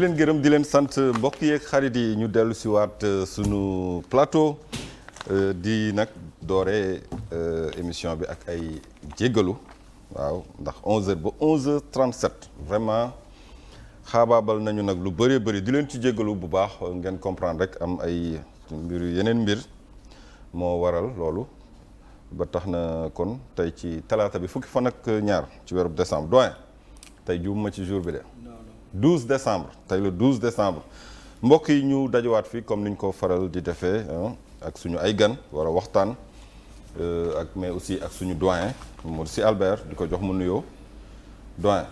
di leen gërëm di leen sant mbokk yeeg xarit yi ñu dellu si waat euh, suñu plateau euh, di nag doore euh, émission bi ak ay jéggalu waaw ndax 11h ba 11 h vraiment xaabaabal nañu nag lu bëree bëri di leen ci jéggalu bu baax ngeen comprendre rek am ay mbir yeneen mbir moo waral loolu ba tax na kon tey ci talaata bi fukki fan ak ñaar ci weeru décembre doyen tey juum ci jour bi de. 12 décembre tey le 12 décembre mbokk yi ñu dajawaat fii comme ni ñu ko faral di defee ak suñu ay gan war a waxtaan euh, ak mais aussi ak suñu doyen Moussa Albert di ko jox mu nuyoo doyen.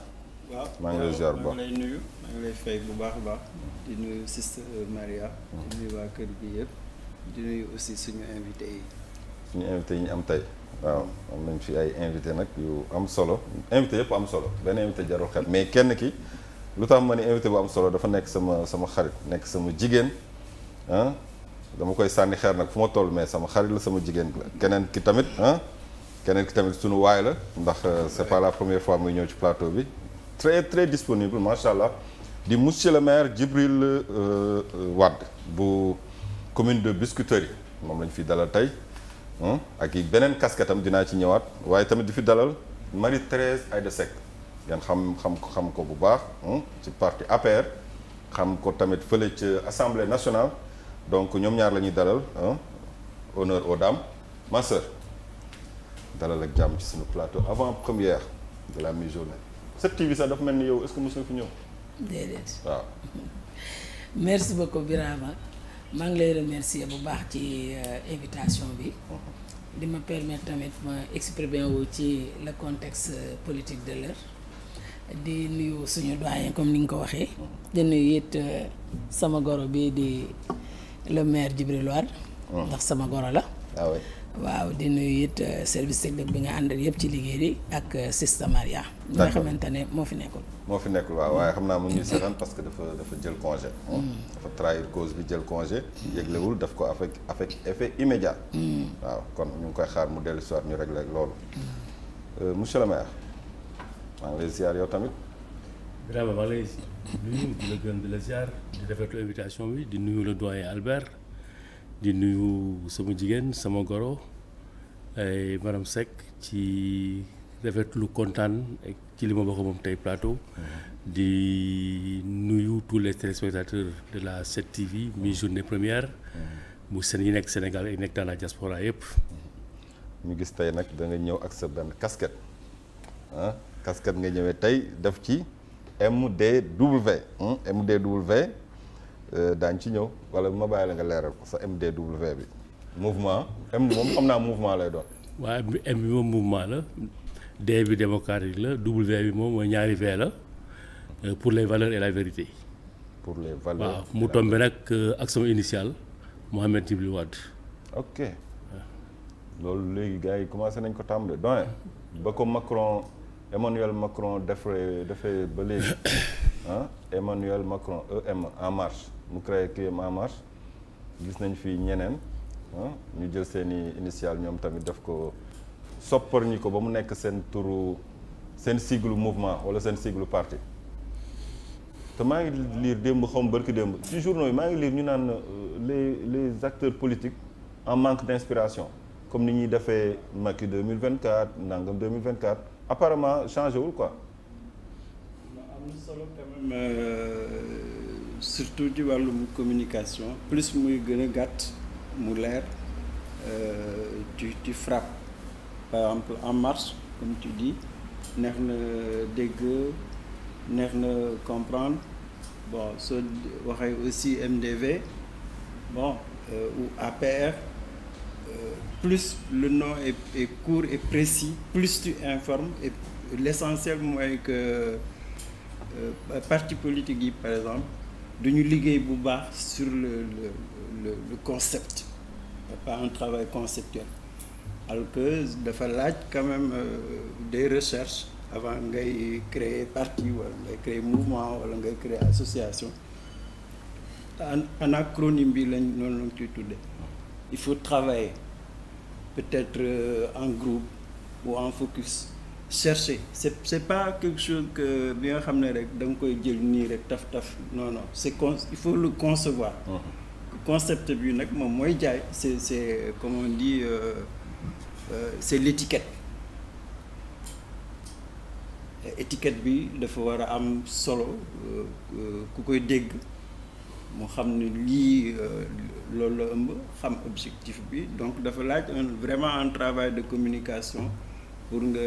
maa ngi lay ziar bu baax maa lay fay bu baax a baax di nuyu sister euh, Maria. Mm-hmm. di nuyu kër gi di aussi suñu invité yi. suñu invité yi ñu am tey. waaw am nañ fi ay invité nag yu am solo invité yëpp am solo benn invité jarul xel mais kenn ki. lu tax ma ne invité bu am solo dafa nekk sama sama xarit nekk sama jigéen ah dama koy sànni xeer nag fu ma toll mais sama xarit la sama jigéen la keneen ki tamit ah keneen ki tamit suñu waay la ndax euh, c'est pas la première fois muy ñëw ci plateau bi très très disponible macha allah di monsieur le maire Djibril euh, euh, Wade bu commune de Biscuiterie moom la ñu fi dalal tey ah. ak yi beneen casquette dinaa ci ñëwaat waaye tamit di fi dalal Marie Thérèse Aïda Seck ngeen xam xam ko xam ko bu baax hmm, ci parti APR xam ko tamit fële ci assemblée nationale donc ñoom ñaar la ñuy dalal hmm, honneur aux dames ma sœur dalal ak jàmm ci suñu plateau avant première de la mi-journée cette TV sax dafa mel ni yow est-ce que mos nga fi ñëw. déedéet waaw. merci beaucoup Birama maa ngi lay remercier bu baax ci euh, invitation bi. Mm-hmm. di ma permettre tamit ma exprimer ci le contexte politique de l'heure di nuyu suñu doyen comme ni nga ko waxee di nuyu euh, sama goro bi di le maire Djibril Wade mm. ndax sama goro la ah waaw di nuyu it euh, service technique bi nga àndal yëpp ci liggéey bi ak euh, Sista Maria bi nga xamante ne moo fi nekkul moo fi nekkul waaw waaye xam naa mu ngi mm. seetaan parce que dafa dafa jël congé mm. dafa trahir cause bi jël congé yëglewul daf ko avec avec effet immédiat waaw kon ñu ngi koy xaar mu dellu soir ñu régler loolu monsieur le maire maa ngi lay ziar yow tamit. vraiment maa nuyu la gën bi di nuyu le doyen Albert di nuyu sama jigéen sama goro ay madame Seck ci rafetlu kontaan ak ci li ma bokk moom tey plateau. Mhm. di nuyu tous les téléspectateurs de la 7TV mi journée première. Mhm. mu seen yi nekk Sénégal yi nekk dans la diaspora yëpp. Mhm. ñu gis tey nag da ñëw ak sa benn casquette casquette nga ñëwee tey def ci MDW. MDW hmm? euh, daañ ci ñëw wala ma bàyyi la nga leeral ko sa MDW bi mouvement M moom xam naa mouvement lay doon. waaw M bi moom mouvement la D bi démocratique la W bi moom mooy ñaari V la euh, pour les valeurs et la vérité. pour les valeurs waaw mu tombe nag euh, ak sama initiale Mohamed Djibril Wade. loolu léegi gars yi commencé nañ ko tàmbale doyen ba ko Macron. Emmanuel Macron defee defee ba léegi ah Emmanuel Macron EM en marche mu créé QM en marche gis nañ fi ñeneen ñu jël seen i initial ñoom tamit def ko soppar ñi ko ba mu nekk seen turu seen sigle mouvement wala seen sigle parti te maa ngi lire démb xaw ma barki démb ci journaux yi maa ngi lire ñu naan euh, les les acteurs politiques en manque d'inspiration comme ni ñuy defee Macky 2024 nangam 2024 apparemment changé wul quoi. am na solo euh, ci wàllum communication plus muy gën a gàtt mu leer tu euh, tu frappes par exemple en marche comme tu dis neex na dégg neex na comprendre bon soo waxee aussi MDV bon euh, ou APR. Euh, plus le nom est, est court et précis plus tu informe et l'essentiel mooy que euh, parti politique yi par exemple ñu liggéey bu baax sur le le le, le concept pas un travail conceptuel alors dafa laaj quand même euh, des recherches avant ngay créer parti wala ngay créer mouvement wala ngay créer association anacronyme bi lañ noonu lañ ciy tuddee il faut travailler peut-être euh, en groupe ou en focus chercher c'est c'est pas que chose que bi nga xam ne rek danga koy jël nii rek taf taf non non c'est con il faut le concevoir uh-huh. concept bi nag moom mooy jaay c'est c'est comme on dit euh, euh, c'est l'étiquette étiquette bi dafa war a am solo euh, euh, ku koy dégg moo xam ne lii euh, loolu la ëmb xam objectif bi donc dafa laaj un vraiment un travail de communication pour nga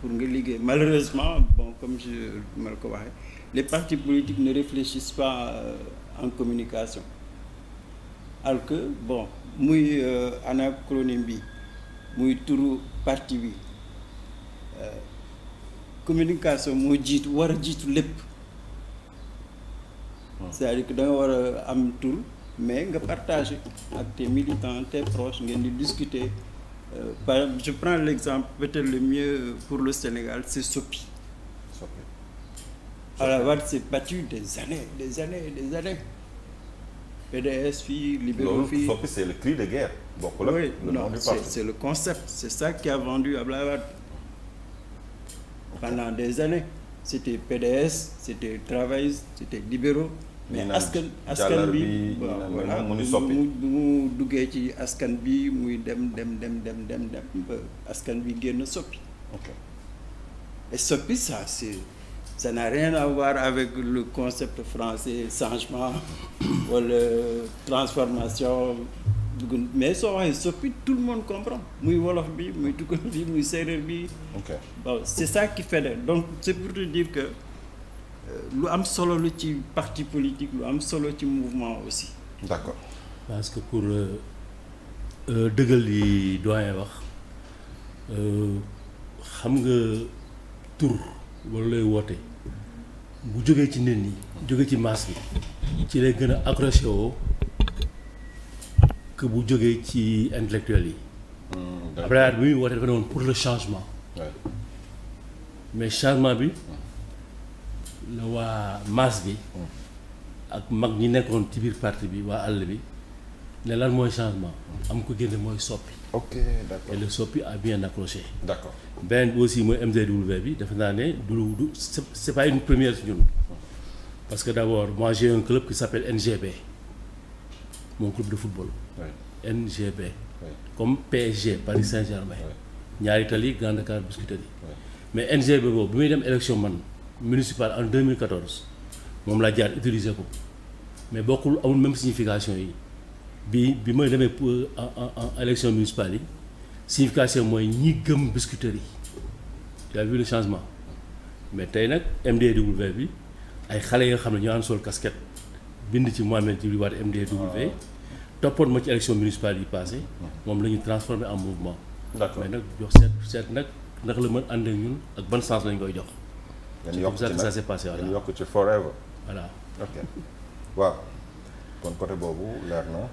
pour nga liggéey malheureusement bon comme je ma la ko waxee les parti politiques ne réfléchissent pas euh, en communication alors que bon muy euh, anacronyme bi muy turu parti bi communication moo jiitu war a jiitu lépp c'est-à-dire que da nga a am mais nga partager ak tes militants tes proches ngeen di discuter euh, par je prends l'exemple peut-être le mieux pour le Sénégal c'est Sopi. Sopi s'est battu des années des années PDS fii libéraux fii loolu c'est le cri de guerre. non, c'est le concept c'est ça qui a vendu Abdoulaye pendant des années c'était PDS c'était travaillistes c'était libéraux. mais askan askan bi voilà mu soppi mu duggee ci askan bi muy dem dem dem dem dem dem ba askan bi génn soppi et soppi ça c'est ça n'a rien à avec le concept français changement wala transformation mais soo waxee soppi tout le monde comprend muy wolof bi muy tukkal bi muy séeréer bi bon c'est ça qui fait donc c'est pour te dire que Euh, lu am solo la ci parti politique lu am solo ci mouvement aussi. d'accord parce que pour euh, euh, dëggal yi doyen wax xam nga tur loolu lay woote bu jógee ci nit ñi jóge ci masse yi ci lay gën a accroché woo que bu jógee ci intellectuel yi. Hmm, après bi muy woote dafa ne woon pour le changement. mais changement bi. Hmm. la waa masse bi ak mag ñi nekkoon ci biir parti bi waa àll bi ne lan mooy changement am ko génne mooy soppi. ok soppi a bien accroché. d'accord beneen bi aussi mooy MZW bi defe naa ne du du c'est pas une première si ñun parce que d'abord moi j'ai un club qui s'appelle NGB mon club de football. Oui. NGB. Oui. comme PSG Paris Saint-Germain. ñaari tali Grand Dakar Biscuiterie. mais NGB boobu bi muy dem élection man. municipal en 2014 moom laa jaar utiliser ko mais bokkul amul même signification yi bi bi may demee pour en élection municipale yi signification mooy ñi gëm biscuiterie yi. yaa vu le changement mais tey nag MDW bi ay xale yoo xam ne ñoo am sol casquette bind ci Mohamed Djibril Wade MDW. Ah. toppoon ma ci élection municipale yi passé hmm. moom la ñu transformé en mouvement. d'accord mais nag jox seet seet nag ndax la mën ànd ak ñun ak ban sens lañ koy jox. ngeen yokk ci yokk ci forever. voilà ok waaw kon côté boobu leer na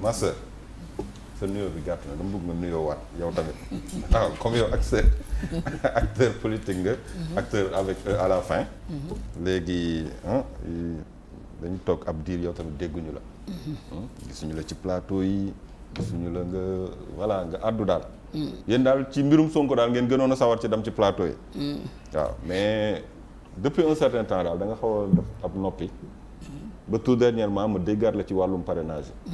ma sœur sa nuyoo bi gàtt na dama bëgg nga nuyoo waat yow tamit ah comme ak acteur acteur politique nga. Mhm. acteur avec euh, à la fin. Mhm. léegi dañu toog ab diir yow tamit dégguñu la. Mhm. Hmm? gisuñu la ci plateau yi gisuñu la nga voilà nga àddu daal. yéen daal ci mbirum Sonko daal ngeen gënoon a sawar ci dem ci plateau yi. waaw mais depuis un certain temps daal danga xaw a def ab noppi. ba tout dernièrement ma déggaat la ci wàllum parrainage yi.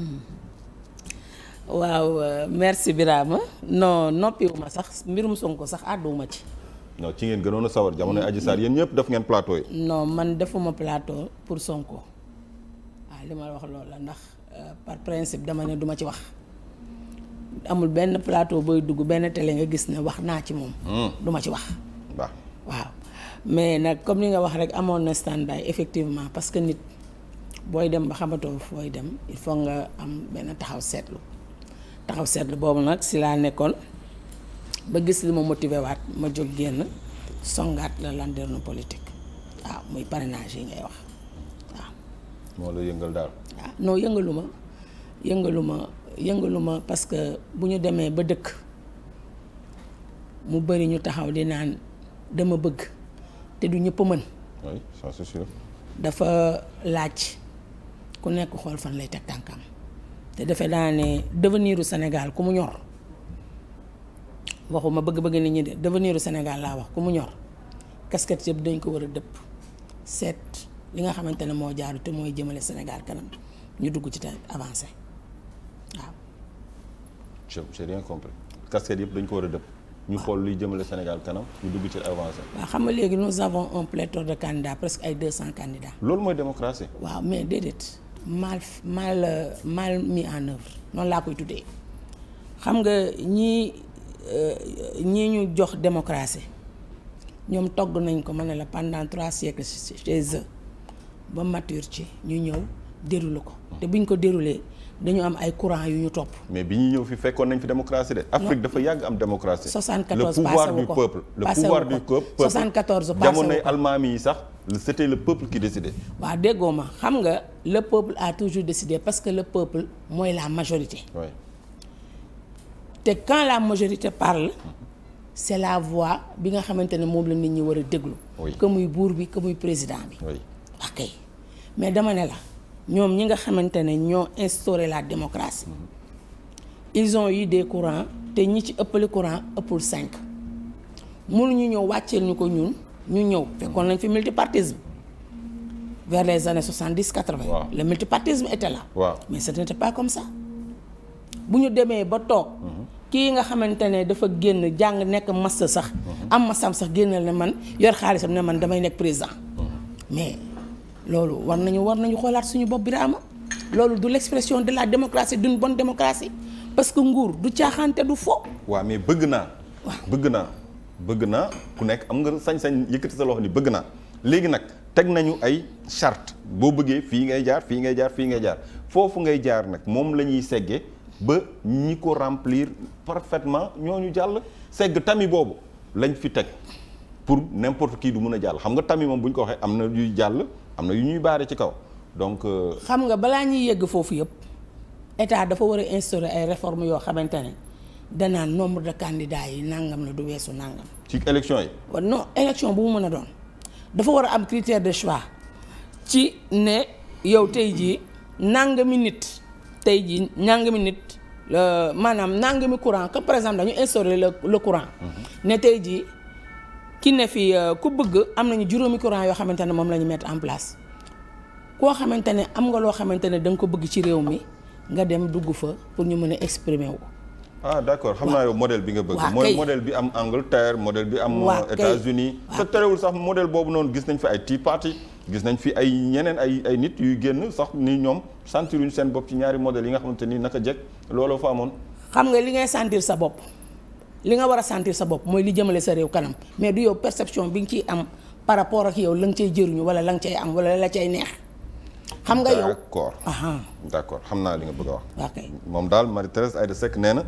waaw euh, merci Birama non noppiwuma sax mbirum Sonko sax àdduwuma ci. non ci ngeen gënoon a sawar jamono aji Sarr yéen ñëpp def ngeen plateau yi. non man defuma plateau pour Sonko waaw li ma wax loolu la ndax euh, par principe dama ne duma ci wax. amul benn plateau booy dugg benn télé nga gis ne wax naa ci moom. Hmm. du ma ci wax. waaw mais nag comme li nga wax rek amoon na standby effectivement parce que nit booy dem ba xamatoo fooy dem il faut nga am benn taxaw seetlu taxaw seetlu boobu nag si laa nekkoon ba gis li ma motivé waat ma jóg génn songaat la landernu politique waaw muy parrainage yi ngay wax waaw. moo la yëngal daal. waaw non yëngalu yëngaluma yëngaluma parce que bu ñu demee ba dëkk mu bëri ñu taxaw di naan dama bëgg te du ñëpp mën. oui dafa laaj ku nekk xool fan lay teg tànkam te defe naa ne devenir Sénégal ku mu ñor waxuma bëgg-bëgg nit ñi de devenir u laa wax ku mu ñor casquette yëpp dañ ko war a dëpp seet li nga xamante ne moo jaaru te mooy jëmale Sénégal kanam ñu dugg ci te avancé. waaw. je j'ai rien compris casquette yëpp dañ ko war a dëpp. ñu xool luy jëmale Sénégal kanam ñu dugg ci avancé. waaw xam nga léegi nous avons un pléthore de candidats presque ay deux cent candidats. loolu mooy démocratie. waaw mais déedéet mal mal mal mis en œuvre noonu laa koy tuddee xam nga ñii euh, ñii ñu jox démocratie ñoom togg nañ ko ma ne la pendant trois siècles chez eux ba mature ci ñu ñëw déroulé ko te buñ ko déroulé. dañu am ay courant yu ñu topp. mais bi ñuy ñëw fi fekkoon nañ fi démocratie de. Afrique dafa yàgg am démocratie. 74 passé wu ko wu ko jamonoy almaami yi sax c' était le peuple qui décidait. waaw déggoo ma xam nga le peuple a toujours décidé parce que le peuple mooy la majorité. te quand la majorité parle. c' est la voix bi nga xamante ne moom la nit ñi war a déglu. que muy buur bi que muy président bi. oui ok mais dama ne la. ñoom ñi nga xamante ne ñoo instauré la démocratie ils ont eu des courants te ñi ci ëppale courant ëppul cinq mun mënuñu ñëw wàcceel ñu ko ñun ñu ñëw fekkoon nañ fi multipartisme vers les années soixante dix quatre vingt le multipartisme était là waaw. mais ce n'était pas comme ça bu ñu demee ba toog kii nga xamante ne dafa génn jàng nekk master sax am masam sax génnal ne man yor xaalisam ne man damay nekk président mais loolu war nañu war nañu xoolaat suñu bopp bi Birama loolu du l'expression de la démocratie d'une bonne démocratie parce que nguur du caaxaante du fo. waa mais bëgg naa. bëgg naa bëgg naa ku nekk am nga sañ-sañ yëkkati sa loxo ni bëgg naa léegi nag teg nañu ay charte boo bëggee fii ngay jaar fii ngay jaar fii ngay jaar foofu ngay jaar nag moom la ñuy seggee ba ñi ko remplir parfaitement ñu jàll segg tamit boobu lañ fi teg. pour n'importe kii du mun a jàll xam nga tamit moom bu ñu ko waxee am na yuy jàll am na yu ñuy baare ci kaw donc. Euh, xam nga balaa ñuy yegg foofu yëpp état dafa war a instaurer ay réformes yoo xamante ne danaan nombre de candidats yi nangam la du weesu nàngam ci élection yi. non élection bu mu mën a doon dafa war a am critère de choix ci ne yow tey jii nangami nit tey jii nangami nit euh, maanaam nangami courant comme par exemple dañu instaurer le le courant. Mhm. ne ki ne fi euh, ku bëgg am nañu juróomi courant yoo xamante ne moom lañu ñu mettre en place koo xamante ne am nga loo xamante ne da ko bëgg ci réew mi nga dem dugg fa pour ñu mën a exprimer wu. ah d'accord xam naa yow modèle bi nga bëgg. mooy modèle bi am Angleterre modèle bi am. États-Unis te terewul sax modèle boobu noonu gis nañ fi ay Tea Party gis nañ fi ay ñeneen ay ay nit yuy génn sax ni ñoom sentiruñu seen bopp ci ñaari modèle yi nga xamante ni naka jekk looloo fa amoon. xam nga li ngay sentir sa bopp li nga war a sentir sa bopp mooy li jëmale sa réew kanam mais du yow perception bi nga ci am par rapport ak yow la nga cay jëriñu wala la nga cay am wala la cay neex. xam nga yow d'accord d'accord naa li nga bëgg a wax. moom daal Marie Thérèse Aïda Seck nee na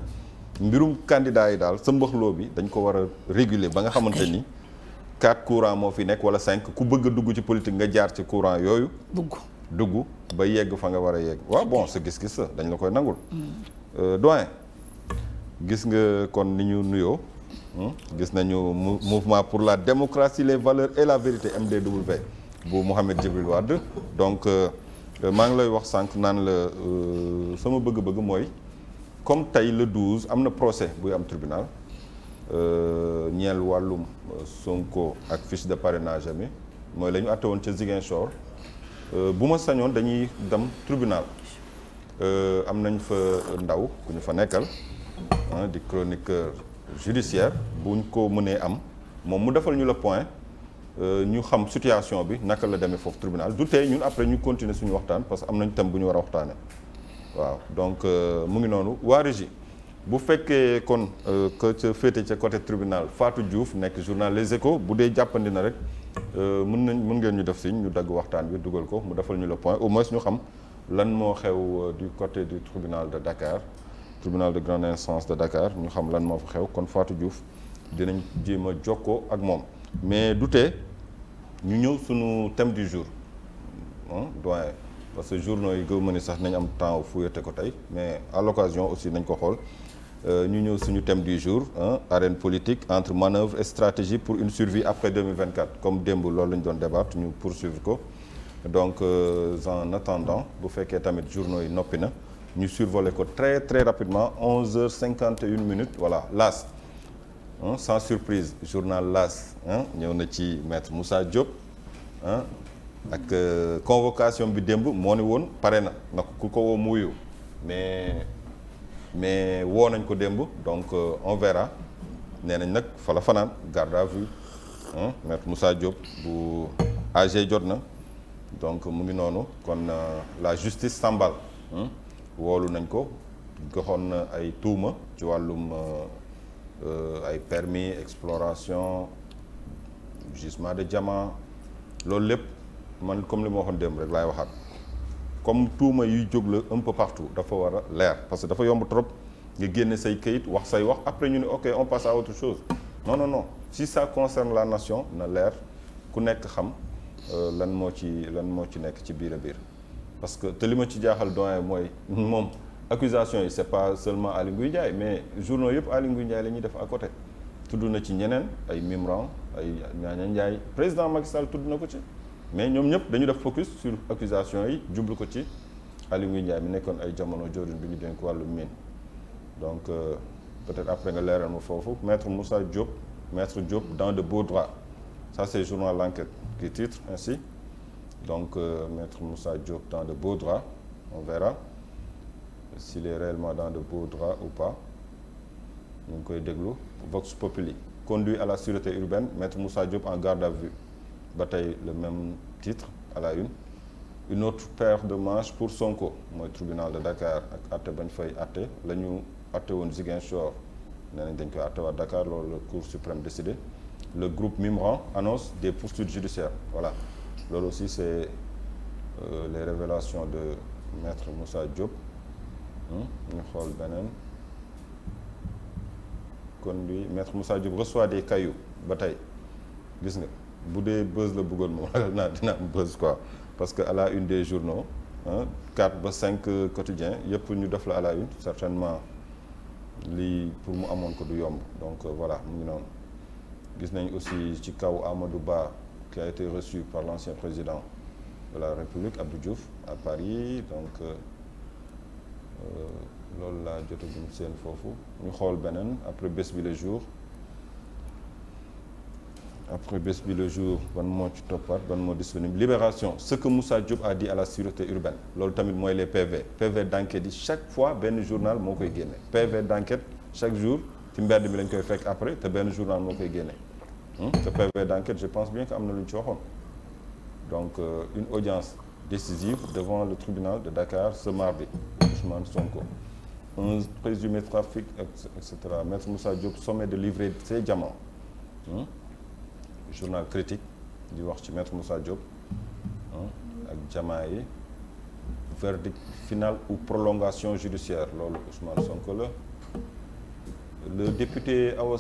mbirum candidat yi daal sa mbaxloo bi dañ ko war a régulé ba nga xamante ni. quatre courants moo fi nekk wala cinq ku bëgg a dugg ci politique nga jaar ci courant yooyu. dugg dugg ba yegg fa nga war a yegg. waa bon sa gis-gis la dañ la koy nangul. Mm. Euh, gis nga kon ni ñu nuyoo hmm? gis nañu mouvement pour la démocratie les valeurs et la vérité MDW bu Mouhamed Djibril Wade donc euh, maa ngi lay wax sànq naan la euh, sama bëgg-bëgg mooy comme tey le douze am na procès buy am tribunal euh, ñeel wàllum Sonko ak fiche de parrainage ami mooy la ñu àtte woon ca Ziguinchor bu ma sañoon dañuy dem tribunal am nañ fa ndaw ku ñu fa nekkal ah di chroniqueur judiciaire buñ ko mënee am moom mu defal ñu le point euh, ñu xam situation bi naka la demee foofu tribunal du tey ñun après ñu continuer suñu waxtaan parce am nañ thème bu ñu war a waxtaanee waaw donc euh, mu ngi noonu waa régie bu fekkee kon euh, que ca féete ca côté tribunal faatu Diouf nekk journal Les Échos bu dee jàppandi na rek mën nañ mën ngeen ñu def siñ ñu dagg waxtaan bi dugal ko mu defal ñu le point au moins ñu xam lan moo xew du côté du tribunal de Dakar tribunal de grande instance de Dakar ñu xam lan moo fa xew kon Fatou Diouf dinañ jéem a jokkoo ak moom mais du ñu ñëw sunu thème du jour doyen parce que journaux yi gëw ma ni sax nañ am temps fuyate ko tey mais à l'occasion aussi nañ ko xool euh, ñu ñëw suñu thème du jour hein, arène politique entre manœuvre et stratégie pour une survie après 2024 comme démb loolu la ñu doon débattre ñu poursuivre ko donc euh, en attendant bu fekkee tamit journaux yi noppi na ñu survolé ko très très rapidement 11 heures 51 minutes voilà l'AS hein, sans surprise journal l'AS ñëw na ci maître Moussa Diop ah ak euh, convocation bi démb moo ne woon pare na na ku ko woo muyu mais mais woo nañ ko démb donc euh, on verra nee nañ nag fala la fanaan garde à vue maître Moussa Diop bu AG jot na donc mu ngi noonu kon euh, la justice s'emballe woolu nañ ko joxoon na ay tuuma ci wàllum euh, euh, ay permis exploration gisement de diamant loolu lépp man comme li ma waxoon démb rek laay waxaat comme tuuma yuy jóg la un peu partout dafa war a leer parce que dafa yomb trop nga génne say kayit wax say wax après ñu ne ok on passe à autre chose non no non si ça concerne la nation na leer ku nekk xam euh, lan moo ci lan moo ci nekk ci biir biir parce que te li ma ci jaaxal doyen mooy moom accusation yi c'est pas seulement Aly Ngouille Ndiaye mais journaux yëpp Aly Ngouille Ndiaye lañuy ñuy def à côté tudd na ci ñeneen ay Mimran ay Ñaaña Ndiaye président Macky Sall tudd na ko ci mais ñoom ñëpp dañu def focus sur accusation yi jublu ko ci Aly Ngouille Ndiaye mi nekkoon ay jamono joorin bi ñu dénk wàllu mine donc euh, peut-être après nga leeral ma foofu maître Moussa Diop maître Diop dans de beaux droits ça c'est journal L'Enquête qui titre ainsi Donc, euh, Maître Moussa Diop dans de beaux draps, on verra s'il est réellement dans de beaux draps ou pas. ñu ngi koy déglu Vox Populi conduit à la sûreté urbaine Maître Moussa Diop en garde à vue ba tey le même titre à la une une autre paire de manche pour Sonko mooy tribunal de Dakar ak àtte bañ fay àtte la ñu àtte woon Ziguinchor nee nañ dañ koy àtte waa Dakar loolu le Cour suprême décidé le groupe Mimran annonce des poursuites judiciaires voilà loolu aussi c' est euh, les révélations de maître Moussa Diop ñu xool beneen kon bi maître Moussa Diop reçoit des cailloux ba tey gis nga bu dee buzz la bëggoon moom ragal naa dina am buzz quoi parce que à la une des journaux quatre ba cinq quotidiens yëpp ñu def la à la une certainement lii pour mu amoon ko du yomb donc euh, voilà mu ngi noonu gis nañ aussi ci kaw Amadou Ba qui a été reçu par l'ancien président de la République, Abdou Diouf, à Paris. Donc, euh, euh, loolu laa jotagum seen foofu ñu xool beneen après bés bi le jour après bés le jour ban moo ci toppaat ban moo disponible libération ce que Moussa Diop a dit à la sûreté urbaine loolu tamit mooy les PV PV d'enquête yi chaque fois benn journal moo koy génne PV d'enquête chaque jour ci mbedd mi lañ koy fekk après te benn journal moo koy génne Hmm? ce PV d'enquête je pense bien que am na lu ñu donc euh, une audience décisive devant le tribunal de Dakar ce mardi Ousmane Sonko un présumé trafic et cetera maître Moussa Diop sommé de livrer ses diamants hmm? journal critique di wax ci maître Moussa Diop hmm? ak diamants yi verdict final ou prolongation judiciaire loolu Ousmane Sonko la le député Awa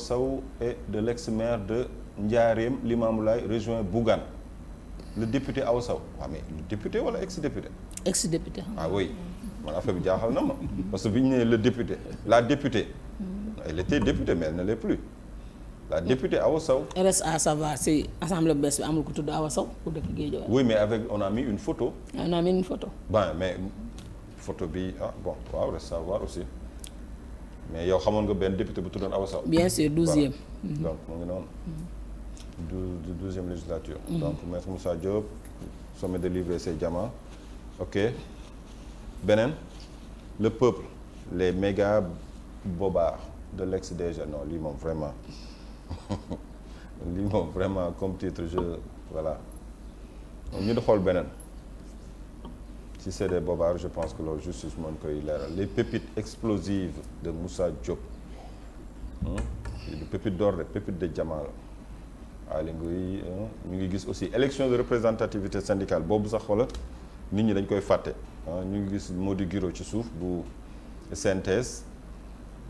est de l'ex-maire de Ndiarème Limamoulaye rejoint Bougane le député Awa Sow waaw mais le député wala ex député. ex député ah oui man affaire bi jaaxal na ma parce que bi ñu nee le député la députée. Hmm. elle était députée mais elle ne l'est plus. la députée Awa Sow. savoir si assemblée bees bi amul ku tudd Awa Sow ku dëkk Guédiawaye. oui mais avec on a une photo. on a une photo. bon mais photo bi ah bon waaw reste à aussi mais yow xamoon nga benn député bu tuddoon Awa bien sûr douzième. Hmm. donc mu ngi noonu. Hmm. du douzième législature. Mm -hmm. donc maître Moussa Diop sommet de livrer ses diamants ok beneen le peuple les méga bobards de l'ex DG non lii moom vraiment lii moom vraiment comme titre je voilà ñu di xool beneen si c'est des bobards je pense que loolu justice mën koy leeral les pépites explosives de Moussa Diop du pépite d'or de pépite de diamant Aly Ngouille ñu ngi gis aussi élection de représentativité syndicale boobu sax xoola nit ñi dañ koy fàtte ñu ngi gis Mody Guiro ci suuf bu CNTS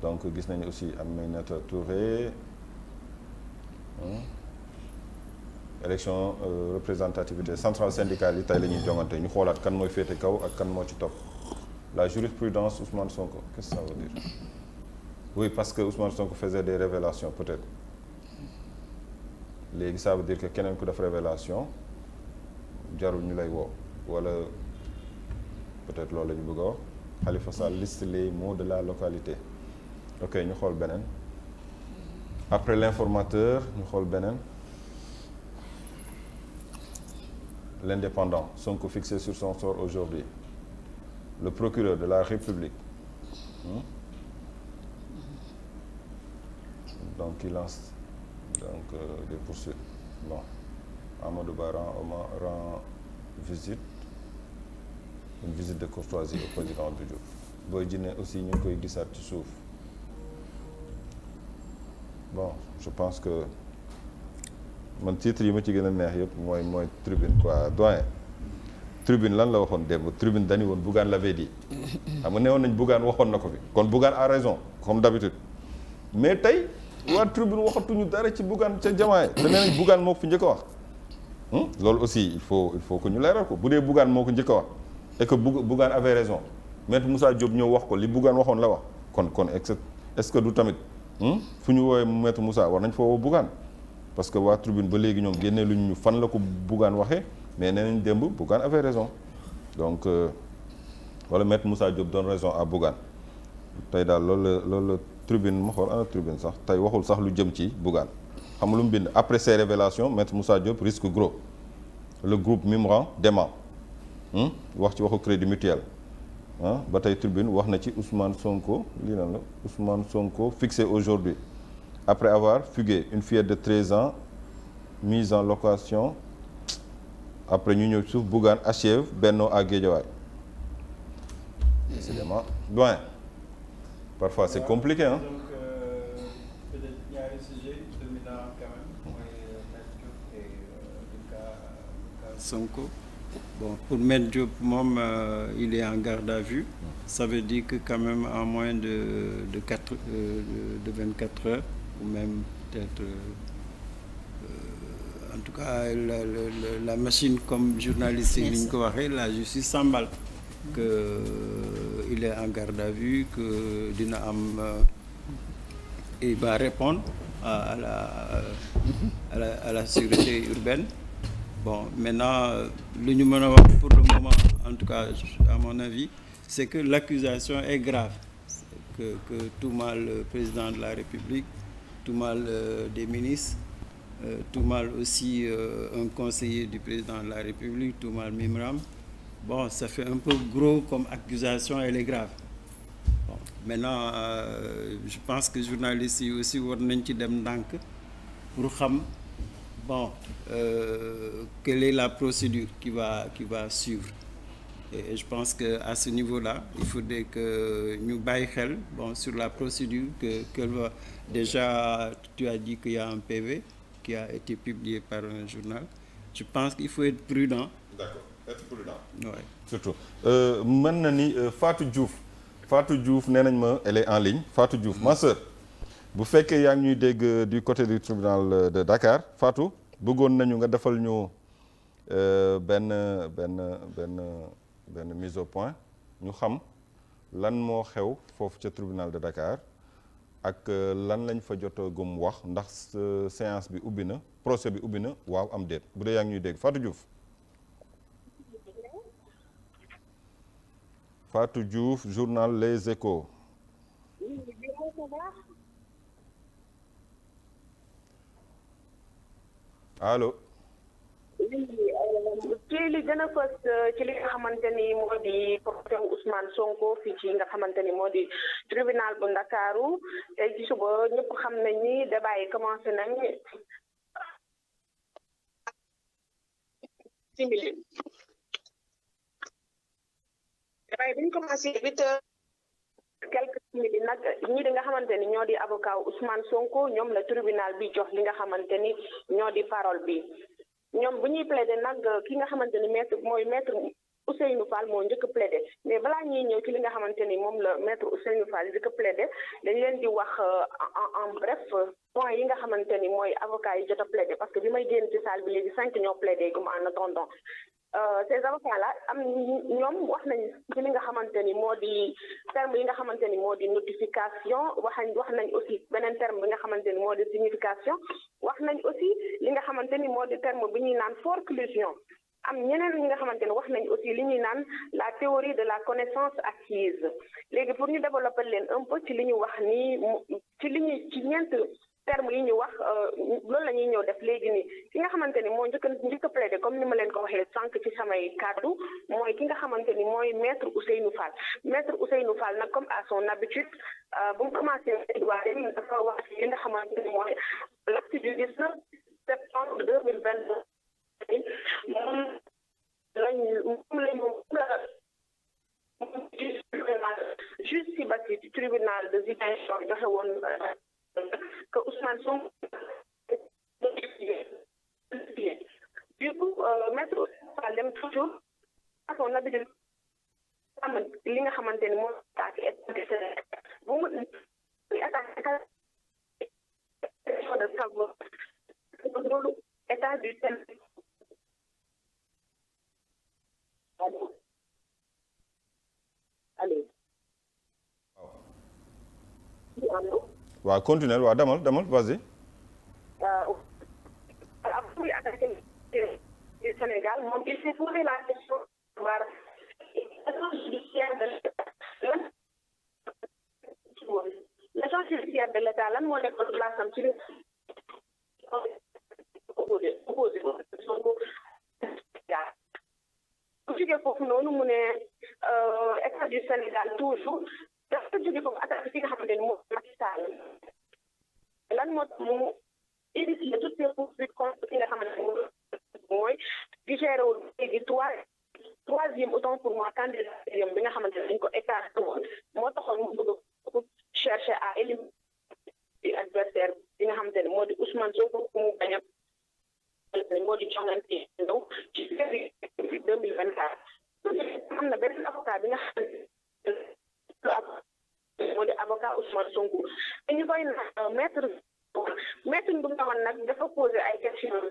donc gis nañu aussi Aminata Touré élection euh, représentativité centrale syndicale yi tey la ñuy jongante ñu xoolaat kan mooy féete kaw ak kan moo ci topp la jurisprudence Ousmane Sonko qu'est-ce que ça veut dire oui parce que Ousmane Sonko faisait des révélations peut-être léegi ça veut dire que keneen ku def révélation jarul ñu lay woo wala peut-être loolu la ñu bëgg a wax Khalifa Sall liste de la localité ok ñu xool beneen après l'informateur ñu xool beneen l'indépendant Sonko fixé sur son sort aujourd'hui le procureur de la République hmm? donc il lance donc euh, des poursuites bon Amadou Ba rend, rend visite une visite de courtoisie au président Abdou Diouf Boy Djiné aussi ñu koy gisaat ci suuf bon je pense que man titre yi ma ci gën a neex yëpp mooy mooy tribune quoi doyen tribune lan la waxoon démb tribune dañu woon Bougane l'avait dit xam nga newoon nañ Bougane waxoon na ko bi kon Bougane a raison comme d'habitude mais tey waa tribune waxatuñu dara ci Bougane ca jamaay te nee nañ moo ko fi njëkk wax hmm? loolu aussi il faut il faut que ñu leeral ko bu dee Bougane moo ko njëkk a wax et que Bougane avait raison maître Moussa Diop ñëw wax ko li Bougane waxoon la wax kon kon est-ce que du tamit hmm? fu ñu woowee maître mussa war nañ fa woo Bougane parce que waa tribune ba léegi ñoom génnee lu ñu fan la ko Bougane waxee mais nee nañ démb Bougane avait raison donc euh, wala maître Moussa Diop donne raison à Bougane tey daal loolu la loolu la tribune ma xool ana tribune sax tey waxul sax lu jëm ci Bougane xam lu mu bind après ces révélations maître Moussa Diop risque gros le groupe Mimran dément hmm? wax ci waxu crédit mutuel ah ba tey tribune wax na ci Ousmane Sonko lii la Ousmane Sonko fixé aujourd'hui après avoir fugué une fillette de 13 ans mise en location après ñu ñëw suuf Bougane achève Benno à Guédiawaye parfois c'est compliqué hein. Euh, euh, euh, Sonko. Bon, pour Maître Diop moom euh, il est en garde à vue. Ça veut dire que quand même en moins de de quatre de vingt-quatre heures ou même peut-être euh, en tout cas la la la machine comme journaliste yi ñu ko waxee la justice s'emballe. que il est en garde à vue que dina am euh, il va répondre à, à, la, à la à la sécurité urbaine bon maintenant euh, lu ñu mën a wax pour le moment en tout cas à mon avis c'est que l'accusation est grave que que tout mal le euh, président de la République tout mal euh, des ministres euh, tout mal aussi euh, un conseiller du président de la République tout mal Mimram bon ça fait un peu gros comme accusation elle est grave mais maintenant euh, je pense que journalistes yi aussi war nañ ci dem ndànk pour xam bon euh, quelle est la procédure qui va qui va suivre et, je pense que à ce niveau-là il faudrait que ñu bàyyi xel bon sur la procédure que qu'elle va déjà tu as dit qu'il y a un PV qui a été publié par un journal je pense qu'il faut être prudent être prudent. oui mën na ni euh, faatu Diouf faatu Diouf nee nañ ma elle en ligne faatu Diouf ma sœur bu fekkee yaa ngi ñuy dégg euh, du côté du tribunal euh, de Dakar Fatou bëggoon nañu nga defal ñu benn benn benn benn mise au point ñu xam lan moo xew foofu ca tribunal de Dakar ak lan lañ fa jot gum wax ndax séance bi ubbi na procès bi ubbi na waaw am déet bu dee yaa ngi ñuy dégg faatu Diouf. Fatou Diouf journal Les Échos allo. ci li gën a fës ci euh, li nga xamante ni moo di Sonko fii ci nga xamante ni moo di tribunal bu Ndakaaru tey suba ñëpp xam nañ ni débat yi commencé nañ waaye bi ñu commencé huit heures quelques nag ñii di nga xamante ni ñoo di avocat Ousmane Sonko ñoom la tribinal bi jox li nga xamante ni ñoo di parole bi ñoom bu ñuy plaider nag ki nga xamante ni maître mooy maître Ousseynou Fall moo njëkk a plaider mais bala ñuy ñëw ci li nga xamante ni moom la maître Ousseynou Fall njëkk a plaider dañ leen di wax euh, en en bref point yi nga xamante ni mooy avocat yi jot a plaider parce que bi may génn ci salle bi léegi cinq ñoo plaider gum en attendant ces avocats la am ñoom wax nañ ci li nga xamante ni moo di terme yi nga xamante ni moo di notification wax wax nañ aussi beneen terme bi nga xamante ni moo di signification wax nañ aussi li nga xamante ni moo di terme bi ñuy naan forclusion am ñeneen ñi nga xamante ne wax nañ aussi li ñuy naan la théorie de la connaissance acquise léegi pour ñu développer leen un peu ci li ñu wax nii ci li ñuy ci ñeent terme yi ñu wax euh, loolu la ñuy ñëw def léegi nii ki nga xamante ni moo njëkk njëkk a comme ni ma leen ko waxee sànq ci samay kàddu mooy ki nga xamante ni mooy maître Ousseynou Fall maître nu Fall nag comme à son habitude euh, bu mu commencé waare dafa wax ci li nga xamante ni mooy l'acte du 19 septembre 2022 moom lañ moom lañ moom la juge tribunal juge Sibassy tribunal de Ziguinchor joxe woon euh, que Ousmane Sonko du coup eh, maître Fall dem façon na bidil li nga xamante ne moo attaqué bu mu attaqué de savoir état du Sénégal allo waaw continuer waaw demal demal vas-y. waaw. Sénégal moom il s'est posé la question l'agent judiciaire de l'État lan moo nekkoon place am ci li opposé bu jógee foofu noonu mu ne euh, État du Sénégal toujours dafa jóge foofu attaqué fi nga xamante ni moom Macky Sall lan moo tax mu initié toutes ces poursuites contre ki nga xamante ni mooy di géré wul léegi trois pour moi candidat bi nga xamante ne dañ ko écarté woon moo taxoon mu bëgg a chercher à adversaire bi nga xamante ne moo di Ousmane Sonko mu bañ a moo di jongante ndaw ci février deux mille vingt quatre am na benn avocat bi nga xamante moo di avocat Ousmane Sonko ñu koy euh, maître maître bu nga woon nag dafa posé ay questions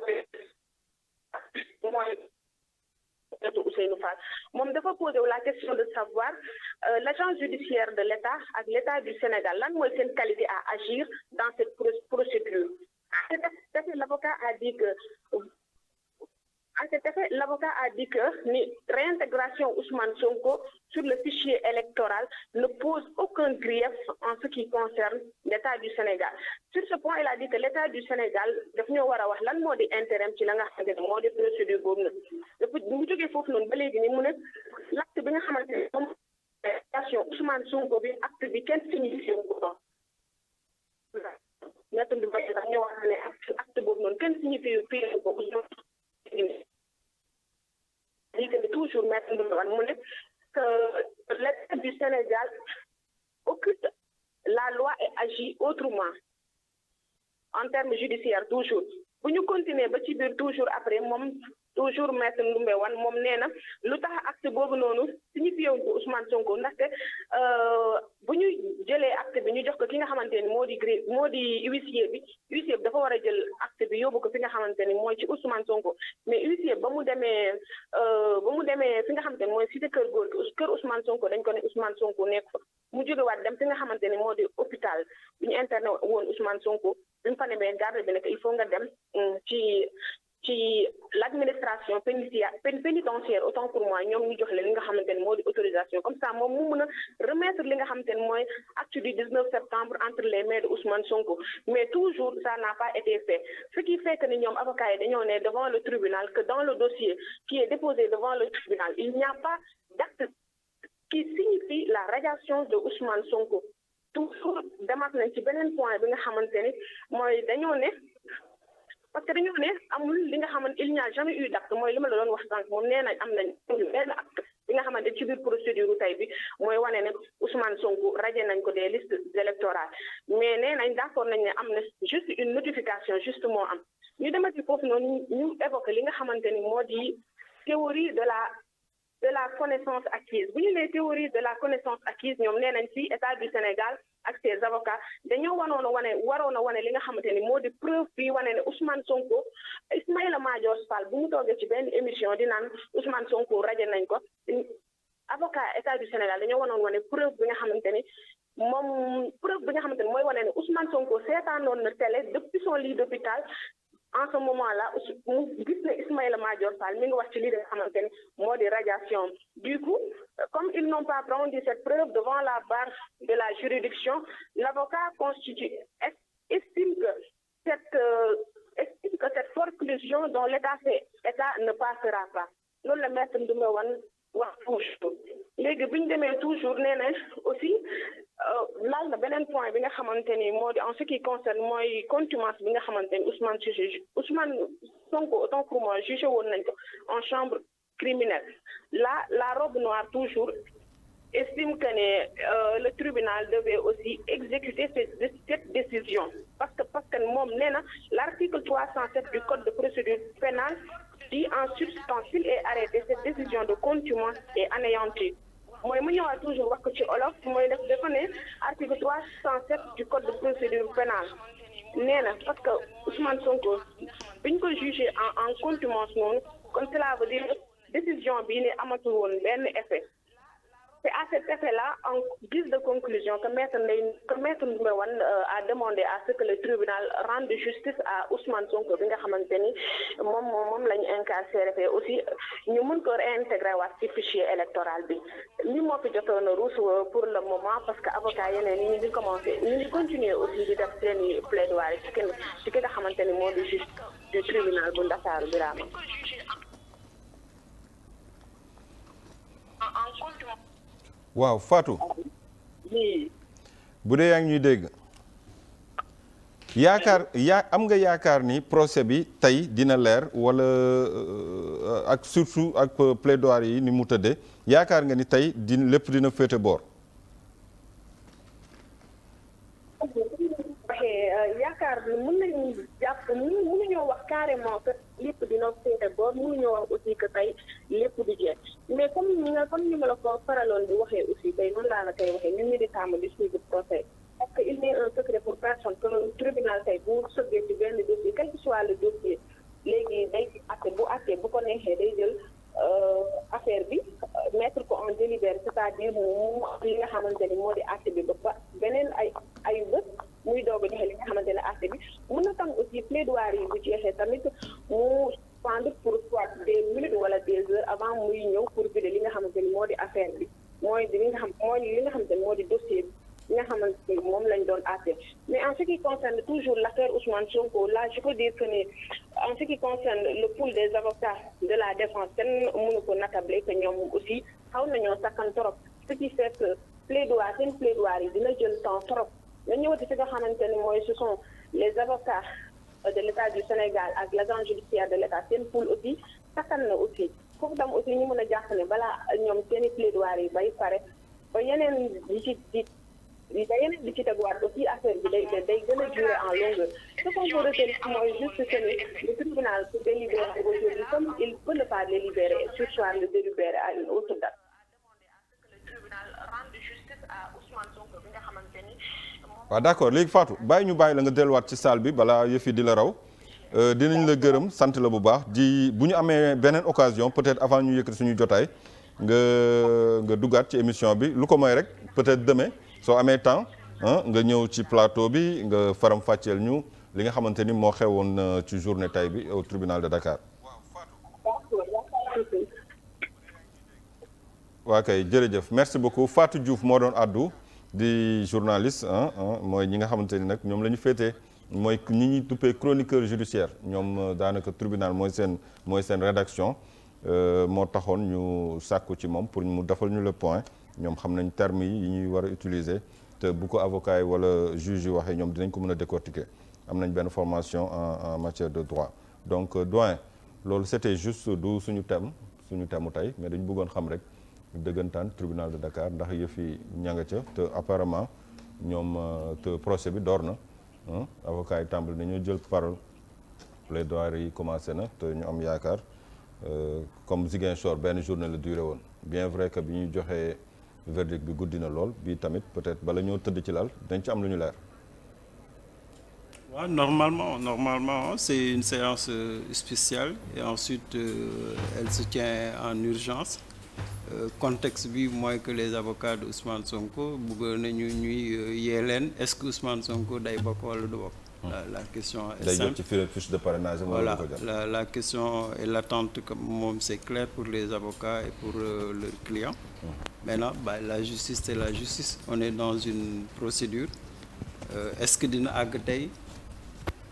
mooy Ousseynou Fall moom dafa posé la question de savoir euh, l'agence judiciaire de l'État ak l'État du Sénégal lan mooy seen qualité à agir dans cette procédure ah, l'avocat a dit que À cet effet, l'avocat a dit que la réintégration Ousmane Sonko sur le fichier électoral ne pose aucun grief en ce qui concerne l'État du Sénégal. Sur ce point, il a dit que l'État du Sénégal daf ñoo war a wax lan moo di intérim ci la nga xamante ne moo di procédure boobu nag depuis mu jógee foofu noonu ba léegi ni mu ne l'acte bi nga xamante ne moom réintégration Ousmane Sonko bi acte bi kenn signifié wu ko ñett bi ba ñu wax ne boobu noonu kenn signifié lii tamit toujours maître Ndourane mu ne que euh, l'État du Sénégal occulte la loi et agit autrement en termes judiciaires toujours bu ñu continuer ba ci biir toujours après moom toujours maître Ndoumbé Wane moom nee na lu tax acte boobu noonu signifié wu ko Ousmane Sonko ndaxte euh, bu ñu jëlee acte bi ñu jox ko ki nga xamante ni moo di gré moo di huissier bi huissier bi dafa war a jël acte bi yóbbu ko fi nga xamante ni mooy ci Ousmane Sonko mais huissier ba mu demee euh, ba mu demee fi nga xamante ni mooy cité kër góor kër Ousmane Sonko dañ ko ne Ousmane Sonko nekk fa mu jógewaat dem fi nga xamante ni moo di hôpital bu ñu interné woon Ousmane Sonko bi mu fa demee garde bi nekk il faut nga dem mm, ci ci l'administration pénitentiaire autant pour moi ñoom ñu jox leen li nga xamante ne moo di autorisation comme ça moom mu mën a remettre li nga xamante ne mooy acte du septembre entre les mains de Ousmane Sonko mais toujours ça n'a pas été fait ce qui fait que ni ñoom avocats yi dañoo ne devant le tribunal que dans le dossier qui est déposé devant le tribunal il n'y a pas d'acte qui signifie la radiation de Ousmane Sonko toujours demaat nañ ci beneen point bi nga xamante ni mooy dañoo ne parce que dañu ne amul li nga xamante il n'y a jamais eu d'acte mooy li ma la doon wax sànq moom nee nañ am nañ benn acte li nga xamante ci biir procédure tey bi ne radié nañ ko des listes mais nee nañ d'accord nañ ne am na juste une notification juste moo am ñu demati foofu noonu ñu évoqué li nga xamante ni moo di théorie de la de la connaissance acquise bu ñu nee théorie de la connaissance acquise ñoom nee nañ ci étate du Sénégal ak ses avocats dañoo waroon a wane waroon a wane li nga xamante ni moo di preuve bi wane ne Ousmane Sonko Ismaïla Madior Fall bu mu toogee ci benn émission di naan Ousmane Sonko raje nañ ko avocat état du Sénégal dañoo wanoon wane preuve bi nga xamante ni moom preuve bu nga xamante ni mooy wane ne Ousmane Sonko seetaanoon na télé depuis son lit d'hôpital en ce moment là aussi mu gis ne Ismaïla Madior Fall mi ngi wax ci li nga moo di radiation du coup comme ils n'ont pas rendu cette preuve devant la barre de la juridiction l'avocat constitue estime que cette euh, estime que cette forclusion dont l'état fait état ne passera pas loolu la maître Ndoumbe Wane wax toujours léegi bi ñu demee toujours nee aussi laal na beneen point bi nga xamante ni moo di en ce qui concerne mooy contumace bi nga xamante ni Ousmane jugé Ousmane Sonko autant pour moi jugé woon nañ ko en chambre criminelle la la robe noire toujours estime que ne euh, le tribunal devait aussi exécuter cette décision parce que parce que moom nee na l'article 307 du code de procédure pénale dit en substance s'il est arrêté cette décision de contumace est anéantie mooy mu ñëwaat toujours wax ko ci olof mooy def dafa ne article trois cent sept du code de procédure pénale nee na parce que Ousmane Sonko biñ ko jugé en en contumace noonu kon cela veut dire décision bii ni amatul woon benn effet. C'est à cet effet-là, en guise de conclusion, que Maître, que Maître Mbouewan euh, a demandé à ce que le tribunal rende justice à Ousmane Sonko bi nga xamante ni moom moom la ñu incarcéré aussi ñu mën ko réintégrer waat ci fichier électoral bi li moo fi jotoon a ruus euh, pour le moment parce que avocat yeneen yi ñu ngi commencé ñu ngi continuer aussi di def seen i plaidoirie ci kenn ki nga xamante ni moo di juge du tribunal bu bi Birama waaw Fatou. bu dee yaa ngi ñuy dégg. yaakaar yaa am nga yaakaar ni procès bi tey dina leer wala euh, ak surtout ak euh, plaidoirie yi ni mu tëddee yaakaar nga ni tey di lépp dina féete boor. Euh, lépp dina féete boor mu wax aussi que tey lépp du jeex mais comme ñi nga comme ni ma la ko faraloon bi waxee aussi tey noonu laa la koy waxee ñun ñu di tàmm di suivre procès parce que il n'est un secret pour personne que tribunal tey bu sëggee ci benn dossier quel que soit le dossier léegi day àtte bu àttee bu ko neexee day jël euh, affaire bi euh, mettre ko en délibéré c'est-à-dire mu li nga xamante ni moo di àtte bi ba beneen ay ay bët muy doog a joxe li nga xamante ne àtte bi mën na tam aussi plaidoirie yi bu jeexee tamit mu pendre pour soit des minutes wala des heures avant muy ñëw pour vider li nga xamante ni moo di affaire bi mooy li nga xam mooy li nga xamante ni moo di dossier bi li nga xamante ni moom lañ doon àtte mais en ce qui concerne toujours l' affaire Ousmane Sonko là je peux dire que ne en ce qui concerne le pool des avocats de la défense kenn mënu ko natable que ñoom aussi xaw nañoo sakkan trop ce qui fait que plaidoirie seen plaidoirie yi dina jël temps trop la nga ñëwati fi nga xamante ni mooy ce sont les avocats de l'État du Sénégal ak la l'agent judiciaire de l'État seen pool aussi sakkan na aussi foofu tam aussi ñu mën a jàpp ne balaa ñoom seeni plaidoirie yi bay pare ba yeneen di ci di ba yeneen bi ci teguwaat aussi affaire bi day day gën a durer en longueur ce qu'on peut retenir mooy juste que le tribunal peut délibérer aujourd'hui comme il peut ne pas délibérer sursoir le délibérer à une autre date waaw d' léegi Fatou bàyyi ñu bàyyi la nga delluwaat ci salle bi balaa yëf di la raw euh, dinañ la gërëm sant la bu baax di bu ñu amee beneen occasion peut-être avant ñu yëkkati suñu jotaay nga nga duggaat ci émission bi lu ko mooy rek peut-être deme soo amee temps nga ñëw ci plateau bi nga faram fàcceel ñu li nga xamante ni moo woon euh, ci journée tay bi au tribunal de Dakar. waa kay jërëjëf merci beaucoup Fatou Diouf moo doon àddu. di journaliste ah mooy ñi nga xamante ni nag ñoom la ñu féetee mooy ñi ñuy tuppee chroniqueur judiciaire ñoom euh, daanaka tribunal mooy seen mooy seen rédaction euh, moo taxoon ñu sàkku ci moom pour mu defal ñu le point ñoom xam nañ termes yi ñuy war a utiliser te bu ko avocat yi wala juge yi waxee ñoom dinañ ko mën a décortiquer am nañ benn formation en matière de droit donc euh, doyen loolu c'était juste du suñu thème suñu temu tey mais dañu bëggoon xam rek. dëggantaan tribunal de Dakar ndax yëf yi ña nga ca te apparemment ñoom euh, te procès bi door na avocat yi tàmbali nañoo jël parole plaidoirie yi commencé na te ñu am yaakaar euh, comme Ziguinchor benn journée la duré woon bien vrai que bi ñu joxee verdict bi guddi na lool bii tamit peut-être bala ñoo tëdd ci laal dañ ci am lu ñu leer. waaw normalement normalement c'est une séance euh, spéciale ensuite elle se tient en urgence. Euh, contexte bi mooy que les avocats de Ousmane Sonko bëggoon nañu ñuy euh, yee leen est-ce que Ousmane Sonko day bokk wala du bokk. Hmm. la question est simple de parrainage. voilà la la question et l'attente comme moom c'est clair pour les avocats et pour euh, leurs clients. Hmm. maintenant la justice c'est la justice on est dans une procédure euh, est-ce que dina àgg tey.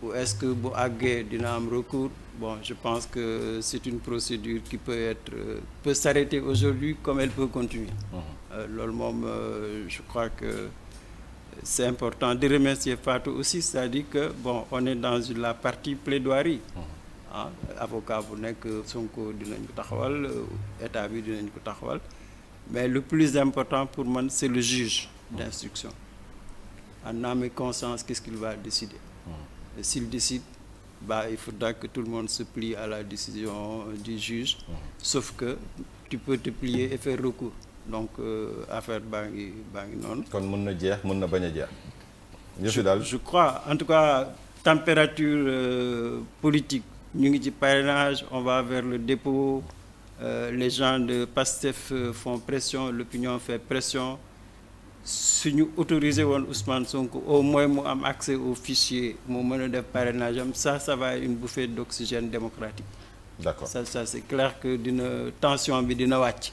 ou est-ce que bu àggee dina am recours bon je pense que c'est une procédure qui peut être euh, peut s'arrêter aujourd'hui comme elle peut continuer mmh. euh, loolu moom euh, je crois que c'est important de remercier Fatou aussi c'est-à-dire que bon on est dans la partie plaidoirie mmh. ah avocat bu nekk Sonko dinañ ko taxawal état bi dinañ ko taxawal mais le plus important pour man c'est le juge mmh. d'instruction en âme et conscience qu'est-ce qu'il va décider s'il décide bah il faudra que tout le monde se plie à la décision du juge mhm. sauf que tu peux te plier et faire recours donc euh, affaire baa ngi baa ngi noonu. kon mën na jeex mën na bañ a jeex. daal je crois en tout cas température euh, politique ñu ngi ci parrainage on va vers le dépôt euh, les gens de PASTEF euh, font pression l'opinion fait pression suñu autoriser woon Ousmane Sonko au moins mu am accès au fichier mu mën a def parrainage am sa ça va une bouffée d'oxygène démocratique. d'accord ça ça c'est clair que dina tension bi dina wàcc.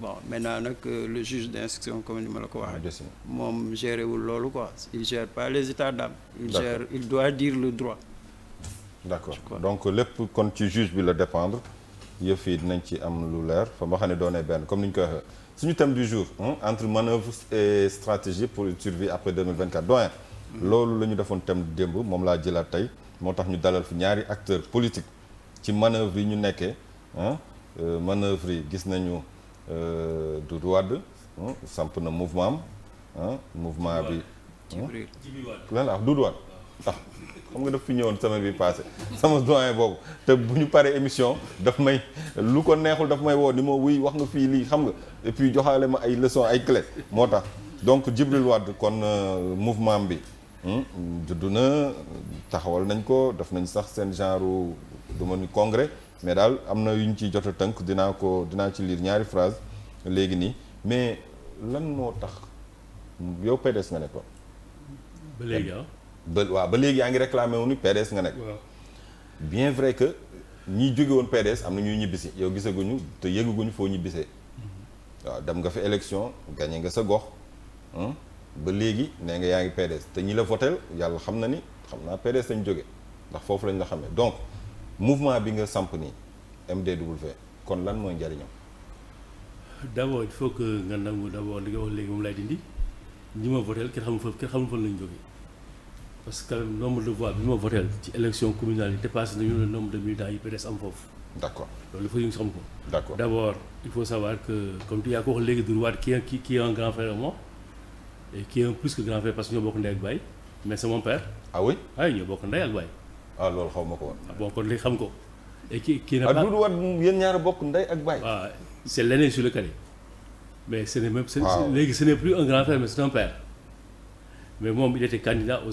bon maintenant nag euh, le juge d'instruction comme ni ma la ko waxee. moom géré wul loolu quoi il gère pas les états d'âme. il gère il doit dire le droit. d'accord donc lépp kon ci juge bi la dépendre yëf yi dinañ ci am lu leer fa ma xam ne doonee benn comme ni ñu ko waxee. suñu thème du jour entre manœuvre et stratégie pour une survie après 2024 doyen loolu la ñu defoon thème démb moom laa jëlaat tey moo tax ñu dalal fi ñaari acteur politique ci manœuvre yi ñu nekkee euh, manœuvre yi gis nañu euh, Doudou Wade samp na mouvement am mouvement bi lan la wax Doudou Wade ah xam nga def fi ñëwoon semaine bi passé sama doyen boobu te bu ñu paree émission daf may lu ko neexul daf may woo ni ma wuy wax nga fii lii xam nga et puis joxaale ma ay leçon ay clé moo tax donc Djibril Wade kon euh, mouvement bi hmm, juddu na taxawal nañ ko def nañ sax seen genre du ma ni congrès mais daal am na yu ñu ciy jot a tënk dinaa ko dinaa ci liir ñaari phrase léegi nii mais lan moo tax yow PDS nga nekkoon. ba léegi ah. ba waaw ba léegi yaa ngi réclamé wu ni PDS nga nekk. bien vrai que ñi jóge woon PDS am na ñuy ñibbisi yow gisaguñu te yëgaguñu foo ñibbisee. waaw dem nga fi élection gagné nga sa gox ba léegi nee nga yaa ngi PDS te ñi la votel yàlla xam na ni xam naa PDS lañ jóge ndax foofu lañ la xamee donc mouvement bi nga samp nii MDW kon lan mooy njariñam d' abord il faut que nga nangu d' abord li nga wax léegi moom laay dindi ñi ma votel kenn xamul fa kenn xamul fan lañ jóge parce nombre de voix bi ma votel ci élection communale yi dépassé nañu le nombre de militants yi PDS am foofu d'accord loolu il faut ñu xam ko. d'accord d'abord il faut savoir que comme tu yaa ko wax léegi Doudou Wade qui est un grand frère à moi et un plus que grand frère parce que ñoo bokk ndey ak baay mais c'est mon père. ah oui ah ñoo bokk ndey ak baay. ah loolu xaw ma ko woon. Ah, bon kon léegi xam ko. et qui n'a ah, pas ah Doudou Wade moom yéen ñaar bokk ndey ak baay. waaw ah, c'est l'aîné sur le carré mais ce n'est même. waaw léegi ce n'est plus un grand frère mais c'est un père mais moom il était candidat aux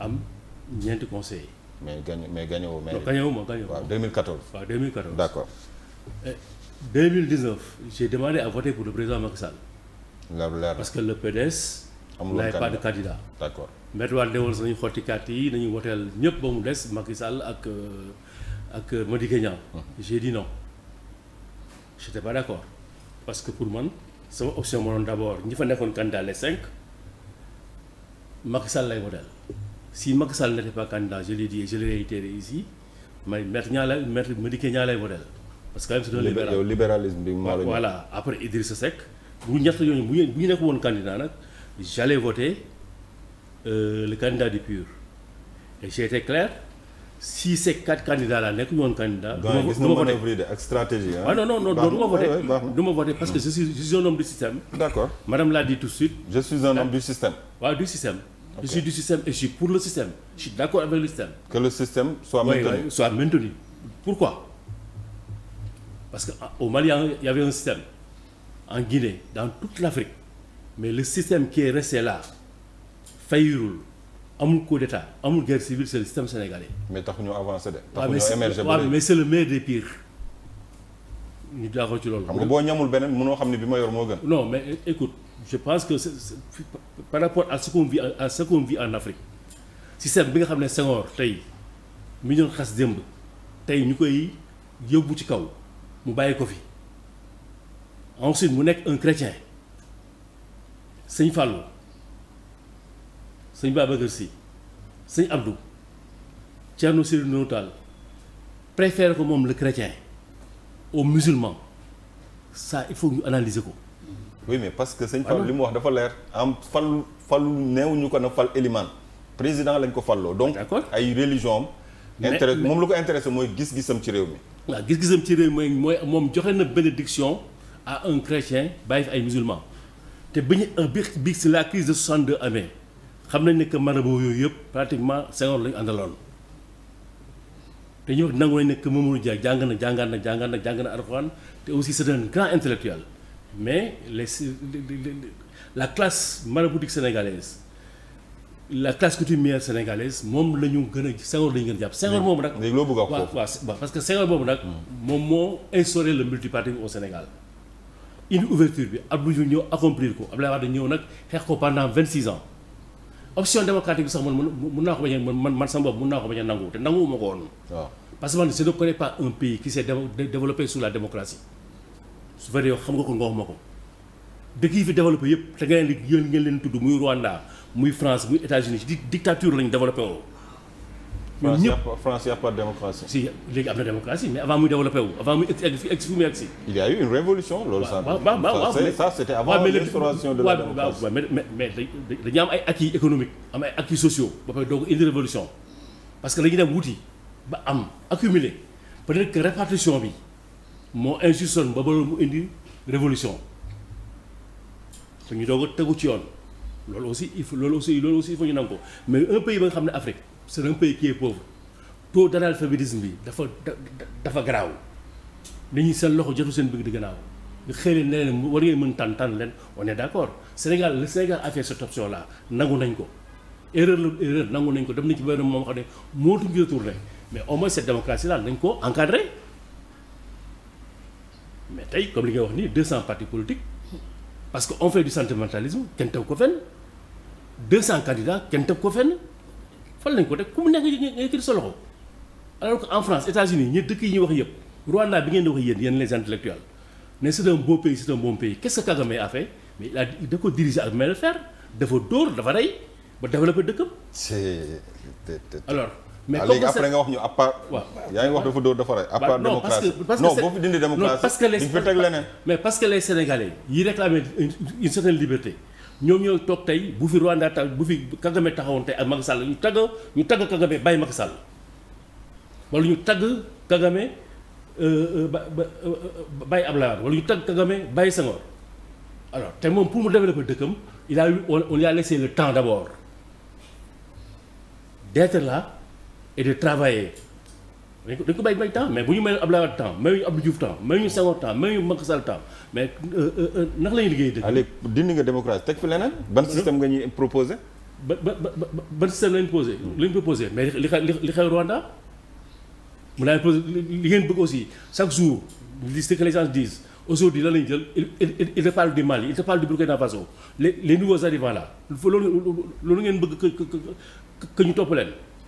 am ñeenti conseillers. mais gagné mais gagné woo. mais gagné woo ma gagné woo. waaw 2014. waaw 2014 d' accord. Et 2019 j'ai demandé à voter pour le président Macky Sall. parce que le PDS. amul woon pas de candidat. d' accord Maître Wade ne woon sax nañu xotti carte yi nañu woteel ñëpp ba mu des Macky Sall ak euh, ak euh, Madické Niang. Hmm. j'ai dit non. j' étais pas d' accord parce que pour man sama option moo doon d' abord ñi fa nekkoon candidat les cinq Macky Sall lay woteel. si Macky Sall n'était pas candidat je l'ai dit et may maître ñaa lay maître Madické ñaa lay votel parce que quand même c'est un libéral yow libéralisme mu maa la voilà après Idrissa Seck bu ñett yooyu bu ñu bu ñu nekk woon candidat nag j'allais voter euh, le candidat du PUR et j'ai été clair si ces quatre candidats là nekk du ma voter ak du ma voter parce que mm-hmm. je suis je suis un homme du système madame l'a dit tout suite je suis un homme ah. du système waaw okay. je suis du système et pour le système je suis d'accord avec le système. que le système soit maintenu soit maintenu pourquoi parce que ah, au Mali il y avait un système en Guinée dans toute l'Afrique mais le système qui est resté là faillirul amul coup d'état amul guerre civile c'est le système sénégalais. mais taxuñu avancé de. taxuñu émergé mais c'est le meilleur des pires. ñu jaaxoo ci loolu. xam boo ñamul beneen mënoo xam ne bi ma moo gën. non mais écoute je pense que par rapport à ce qu'on à ce qu'on vit en Afrique système bi nga xam ne Senghor tey mi ñu doon démb tey ñu koy yóbbu ci kaw mu bàyyi ko fi ensuite mu nekk un chrétien sëñ Fallou sëñ Babacar Sy sëñ Abdou Thierno Cellou Nourou ko moom le chrétien. aux musulmans ça il faut ñu analyser ko. oui mais parce que sañ ah Fall li mu wax dafa leer am fal falu néew ñu ko na fal Eliman président lañ ko falloo donc ay religion am. intérêt moom lu ko intéressé mooy gis-gisam ci réew mi. waaw gis-gisam ci réew mi mooy moom joxe na bénédiction à un chrétien bàyyi fi ay musulman te bi ñu euh, bi bi si la crise de 62 amee xam nañ ne que marabout yooyu yëpp pratiquement Senghor la ñu àndaloon. te ñoo nangu nañ nekk Mamadou Dia jàng na jàngaat na jàngaat na jàng na Alxuraan te aussi c'est un grand intellectuel mais les la classe maraboutique sénégalaise la classe coutumière sénégalaise moom la ñu gën a Senghor la ñu gën a jàpp Senghor moom nag léegi loo bëgg a wax parce que Senghor boobu nag hmm. moom moo instauré le multipartisme au Sénégal une ouverture bi Abdou Diouf ñëw accomplir ko Abdoulaye Wade ñëw nag xeex ko pendant vingt six ans option démocratique bi sax man mën naa ko bañ a man man sama bopp mën naa ko bañ a nangu te nanguwuma ko woon. waaw parce que man je ne pas un pays qui s'est développé sous la démocratie su fekkee yow xam nga ko nga ma ko dëkk yi fi développé yëpp te nga leen ngeen leen tudd muy Rwanda muy France muy États-Unis dictature lañu développé woo. ñoom ñëpp France y' a pas de démocratie. si léegi am na démocratie mais avant muy développé avant muy egg fi il y a eu une révolution loolu ça waaw waaw am ay parce que la dem wuti ba am accumulé peut-être que bi moo injuste ba ba mu indi révolution te ñu doog a tegu ci yoon loolu aussi il faut loolu aussi loolu aussi il faut ñu nangu ko mais un pays ba nga xam ne Afrique. c'est un pays qui est pauvre taux d'analphabétisme bi dafa dafa garaaw nit ñi seen loxo jotu seen bëgg di gannaaw xëy leen ne leen war ngeen mën tànn tànn leen on est d'accord Sénégal le Sénégal a fait cette nangu nañ ko erreur la nangu nañ ko dem nañ ci benn moom xam ne mootu ngi retourné mais au moins cette démocratie là nañ ko encadré mais tey comme li ngay wax nii de cents partis politiques parce que on fait du sentimentalisme kenn teg ko fenn de cents candidats kenn teg fenn fan lañ ko de ku mu nekk nga yëkkati sa loxo alors que en France États-Unis ñi dëkk yi ñuy wax yëpp Rwanda bi ngeen di wax yéen yéen les intellectuels mais c'est un beau pays c'est un bon pays Kagame a mais il ko diriger ak main de fer dafa dóor dafa rey ba développé dëkkam. c'est alors. mais ah, après nga wax ñu à part. waaw yaa ngi wax dafa dóor dafa rey. à démocratie non boo dindi démocratie. non parce que les mais parce que les Sénégalais une certaine liberté. ñoom ñooy toog tey bu fi Rwanda tax bu fi Kagame taxawoon tey ak Macky Sall ñu tagg ñu tagg Kagame bàyyi Macky Sall wala ñu tagg Kagame euh, euh, ba ba euh, bàyyi Ablaye Wade wala ñu tagg Kagame bàyyi Senghor alors te moom pour mu développer dëkkam il a eu on lui a laissé le temps d'abord d'être là et de travailler dañ ko dañ ko bàyyi bàyyi temps mais bu ñu mayoon Abdoulaye Wade temps mayuñu Abdou Diouf temps mayuñu Senghor temps mayuñu Macky Sall temps mais eh, eh, eh, naka la ñuy liggéey dëgg. allez dindi nga démocratie teg fi leneen. ban système nga ñuy proposé. ba ba ban système lañ posé. lañ proposé mais li xew li xew Rwanda mu daal posé li ngeen bëgg aussi chaque jour li ce que les gens disent aujourd'hui lan lañu jël il te parle du Mali il te parle du Burkina Faso les les nouveaux arrivants là loolu loolu ngeen bëgg kë que que ñu topp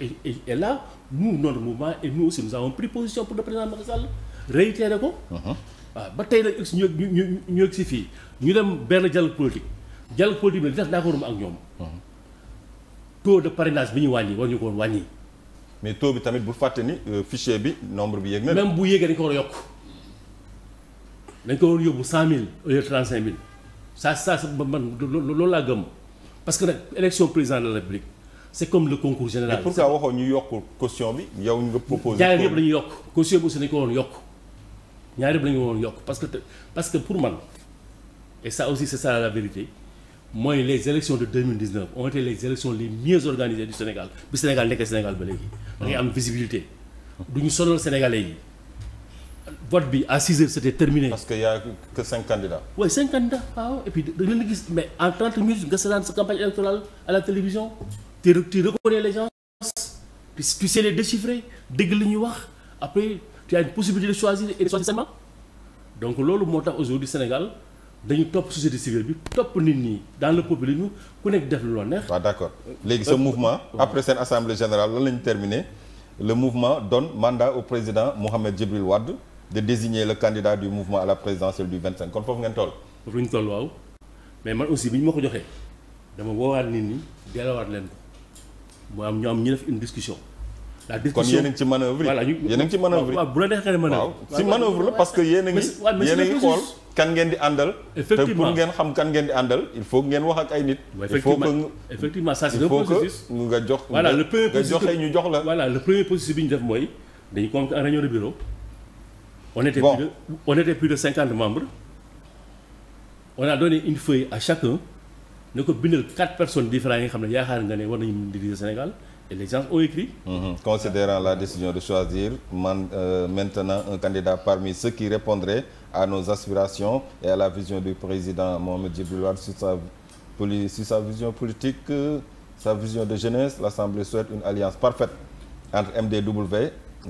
et, et, et là nous notre mouvement et nous aussi nous avons pris position pour le président Macky Sall réitéré ko. waaw uh-huh. ah, ba tey nag ñu ñu ñu ñu yegg si fii ñu dem benn dialogue politique dialogue politique bi li a d'accord ak ñoom. Uh-huh. taux de parrainage bi ñu wàññi war ñu ko woon wàññi. mais bi tamit bul fàtte ni euh, bi nombre bi yéeg na. même bu yéegee ko war a yokk dañ ko war a yóbbu cent mille au lieu de trente cinq mille ça ça man loolu laa gëm parce que nag élection président de la république. c'est comme le concours général. et pourquoi waxoon ñu yokk caution bi. yow nga proposé ñaar yëpp la yokk caution bi aussi dañu ko waroon yokk ñaar yëpp la ñu yokk parce que parce que pour man et ça aussi c'est ça la vérité mooy les élections de 2019 ont été les élections les mieux organisées du Sénégal bi Sénégal nekkee Sénégal ba léegi. da am visibilité. du ñu sonal yi. vote bi à 6 heures c'était terminé. parce que y a que gis mais à la télévision. tu tu reconnais les gens tu tu ñuy wax après tu as une possibilité de choisir et de donc loolu moo tax aujourd'hui Sénégal dañu topp société civile bi topp nit ñi dans le populisme ku nekk def lu la neex. waaw d'accord léegi ce mouvement. après seen assemblée générale lan la ñu terminé le mouvement donne mandat au président Mohamed Djibril Wade de désigner le candidat du mouvement à la présidentielle du 25 kon foofu ngeen toll. foofu la ñu toll waaw mais man aussi bi ñu ma ko joxee dama woowaat nit ñi delloowaat leen mu am ñu am ñu def une discussion. la discussion kon yéen a ngi ci manœuvre yi yéen ngi ci manœuvre yi waaw bu la neexee nga ne manœuvre la parce que yéen a ngi yéen ngi xool kan ngeen di àndal. effectivement xam kan ngeen di àndal il faut ngeen wax ak ay nit. il faut que effectivement ça nga jox. voilà le premier processus nga joxe ñu jox la. voilà le premier processus bi ñu def mooy dañu convoqué en réunion de bureau. on était bon. plus de on plus de cinquante membres. on a donné une feuille à chacun. ne ko bindal quatre personnes différentes yi nga xam ne yaakaar nga ne war nañu diriger et les gens ont écrit. Mhm. considérant la décision de choisir man euh, maintenant un candidat parmi ceux qui répondraient à nos aspirations et à la vision du président Mohamed Djibril Wade sur sa poli sur sa vision politique euh, sa vision de jeunesse l'Assemblée souhaite une alliance parfaite entre MDW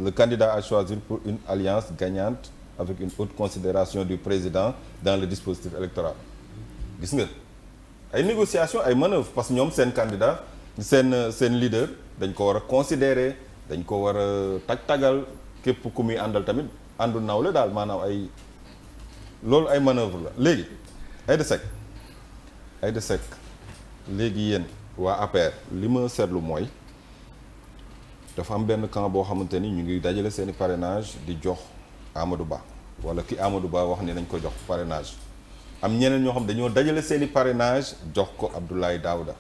le candidat à choisir pour une alliance gagnante avec une haute considération du président dans le dispositif électoral gis nga. ay négociation ay manœuvre parce que ñoom seen candidat seen seen leader dañ ko war a considérer dañ ko war a tag-tagal képp ku muy àndal tamit àndu nawle daal maanaam ay loolu ay manœuvre la léegi Aïda Seck Aïda Seck léegi yéen waa APR li ma seetlu mooy dafa am benn camp boo xamante ni ñu ngi dajale seeni parrainage di jox Amadou Ba wala ki amadu Ba wax ni nañ ko jox parrainage am ñeneen ñoo xam dañoo dajale seeni i jox ko Abdoulaye Daouda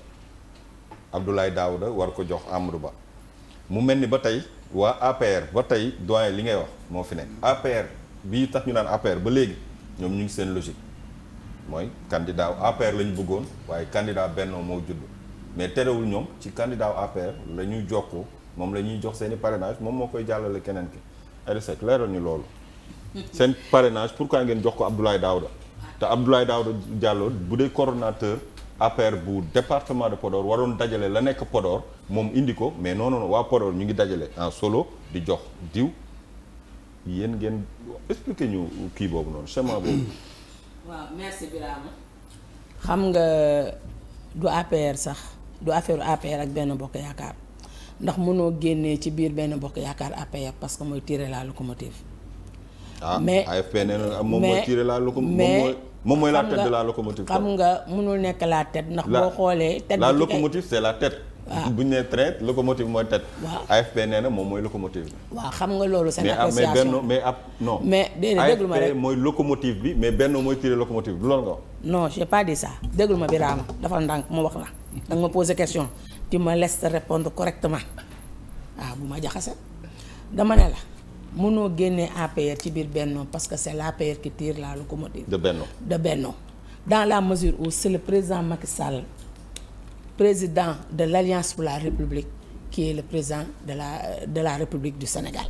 Abdoulaye Daouda war ko jox Amadou Ba mu mel ni ba tey waa APR ba tey doyen li ngay wax moo fi ne APR bi tax ñu naan APR ba léegi ñoom ñu ngi seen logique mooy candidat wu APR la bëggoon waaye candidat Benno moo judd mais terewul ñoom ci candidat wu APR la ñuy jokkoo moom la ñuy jox seen i parrainage moom moo koy jàllale keneen ki Aïda Seck leeral ñu loolu seen parrainage pourquoi ngeen jox ko Abdoulaye Daouda te Abdoulaye da Diallo bu dee coordonnateur APR bu département de Podor waroon dajale la nekk Podor moom indi ko mais non non waa Podor ñu ngi dajale en solo di jox diw yéen ngeen expliquer ñu kii boobu noonu schéma boobu. xam nga du APR sax du affaire APR ak benn bokk yaakaar ndax mënoo génnee ci biir benn bokk yaakaar APR parce que mooy tirer la locomotive. ah AFP nee na moom mooy tiré la locomotive moom mooy moom mooy la tête de la locomotive. xam nga mënul nekk la tête ndax boo xoolee. tête la locomotive la tête. Ah. bu ñu nee traite locomotive mooy tête. moom mooy locomotive bi. waaw xam nga loolu seen association mais ah, benn mais ab non. mais déglu ma bi mais benn mooy tiré locomotive bi du loolu nga wax. non j'ai pas dit ça déglu ma Birama dafa ndànk ma wax la da nga ma poser question tu me laisses répondre correctement waaw ah, bu ma jaxase dama ne la. mënoo génnee APR ci biir Benno parce que c'est l'APR qui tire la locomotive de Benno de Benno dans la mesure où c'est le président Macky Sall président de l'Alliance pour la République qui le président de la de la République du Sénégal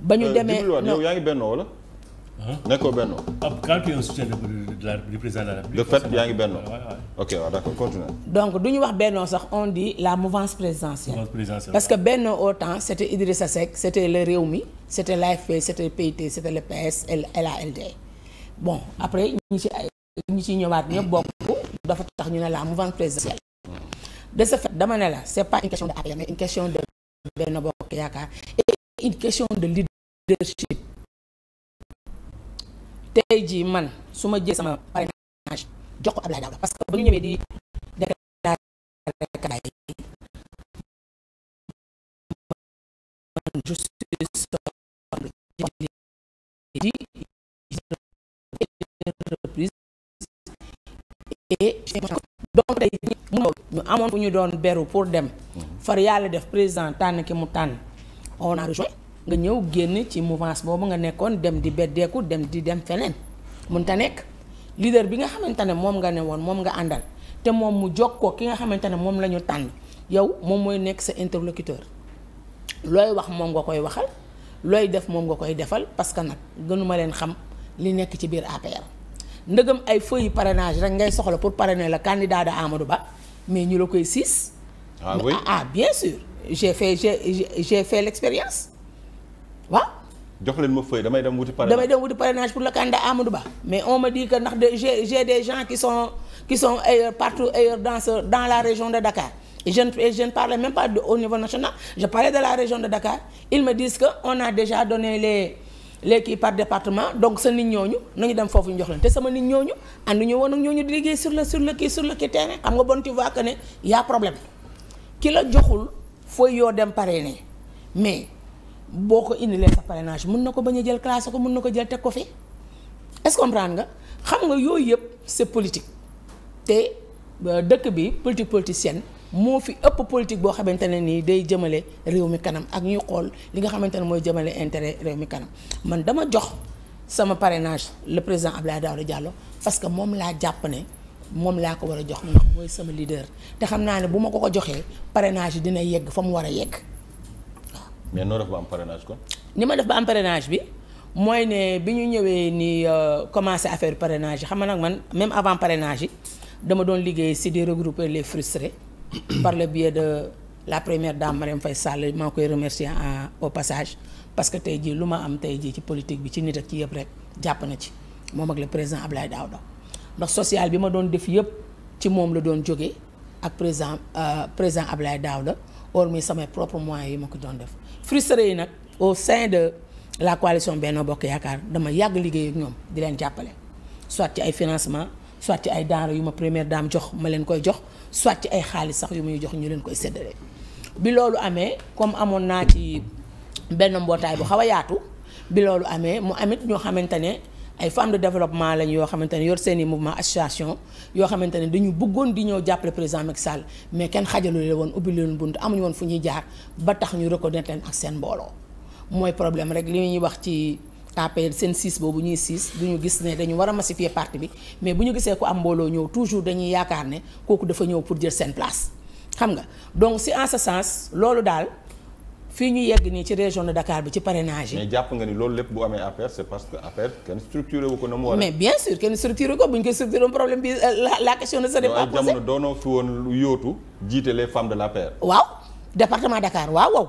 ba ñu euh, demee yow yaa ngi Benno wala nekkoo benno quand tu es un de la du président de la yaa ngi benno ok waaw d'accord continue. donc du ñu wax benno sax on dit la mouvance présidentielle. parce que benno autant c' était Idrissa Seck c' était le Rewmi c' était l'AFP c' était PIT c' était le PS ñu ne la mouvance présidentielle. de ce fait dama ne la c' pas une question de leadership. tey ji man su ma jël sama parrainage jox ko Abdoulaye Daouda parce que ba ñëwee di déclaré candidat yi man je suis sobre di reprise amoon fu ñu doon beru pour dem mhm. far yàlla def président tànn ki mu tànn on a rejoint nga ñëw génn ci mouvance boobu nga nekkoon dem di beddeeku dem di dem feneen mun ta nekk leader bi nga xamante ne moom nga ne woon moom nga àndal te moom mu jokkoo ki nga xamante ne moom la ñu tànn yow moom mooy nekk sa interlocuteur looy wax moom nga koy waxal looy def moom nga koy defal parce que nag gënuma leen xam li nekk ci biir APR ndëgam ay feuilles parrainage rek ngay soxla pour parrainer la candidat de Amadou Ba mais ñu la koy siis ah ah, ah bien sûr j'ai waaw. jox leen ma feuille damay dem wuti parrainage damay dem wuti parrainage pour le Ba mais on me dit que ndax de j'ai j'ai des gens qui sont qui sont ailleurs partout ailleurs dans dans la région de Dakar et je ne et je ne parlais même pas de, au niveau national je parlais de la région de Dakar ils me disent que on a déjà donné les les par département donc sa nit ñooñu nañu dem foofu ñu jox leen te sama nit ñooñu ànd ñu woon ak ñooñu di liggéey sur le sur le kii sur le kii terrain xam nga a problème ki joxul fooy yoo dem parrainer mais. boo ko indilee sa parrainage mun na ko bañ a jël classé ko mun na ko jël teg ko fi est nga xam nga yooyu yëpp c'est politique te euh, dëkk bi politique politicienne moo fi ëpp politique boo xamante ne nii day jëmale réew mi kanam ak ñuy xool li nga xamante ne mooy jëmale intérêt réew mi kanam man dama jox sama parrainage le président Abdoulaye Daouda Diallo parce que moom laa jàpp ne moom laa ko war a jox ndax mooy sama leader te xam naa ne bu ma ko ko joxee parrainage yi dina yegg fa mu war a yegg. mais noo def ba am parrainage ni ma def ba bi mooy ne bi ñu ñëwee ni euh, commencé affaire parrainage yi xam nga nag man même avant parrainage yi dama doon liggéey si di regrouper les frustrés par le biais de la première dame Marième Faye Sall maa koy remercier au passage parce que tey jii lu ma am tey jii ci politique bi ci nit ak ci yëpp rek jàpp na ci moom ak le président daaw Daouda ndax sociale bi ma doon def yëpp ci moom la doon jógee ak président euh, président Abdoulaye Daouda hormis samay propres yi ma ko doon frustré yi nag au sein de la coalition benn Bokk Yaakaar dama yàgg liggéey ak ñoom di leen jàppale soit ci ay financement soit ci ay denrées yu ma première daam jox ma leen koy jox soit ci ay xaalis sax yu muy jox ñu leen koy séddale bi loolu amee comme amoon naa ci benn mbootaay bu xaw a yaatu bi loolu amee mu amit ñoo xamante ne ay femmes de développement lañ yoo xamante ne yor seen i mouvement association yoo xamante ne dañu bëggoon di ñëw jàppale président Macky Sall mais kenn xajalu la woon ubbi leen bunt amuñu woon fu ñuy jaar ba tax ñu reconnaître leen ak seen mbooloo mooy problème rek li ñuy wax ci APR seen siis boobu ñuy siis du ñu gis ne dañu war a massifier parti bi mais bu ñu gisee ko am mbooloo ñëw toujours dañuy yaakaar ne kooku dafa ñëw pour jël seen place xam nga donc si en ce sens loolu daal fii ñu yegg nii ci région de Dakar bi ci parrainage yi. mais jàpp nga ni loolu lépp bu amee affaire c'est parce que affaire kenn structuré ko na mu war mais bien sûr kenn structuré ko bu ñu koy structuré woon problème bi euh, la la question ne serait pas posée. jamono fi woon yóotu jiite les femmes de l'APR. waaw département Dakar waaw waaw.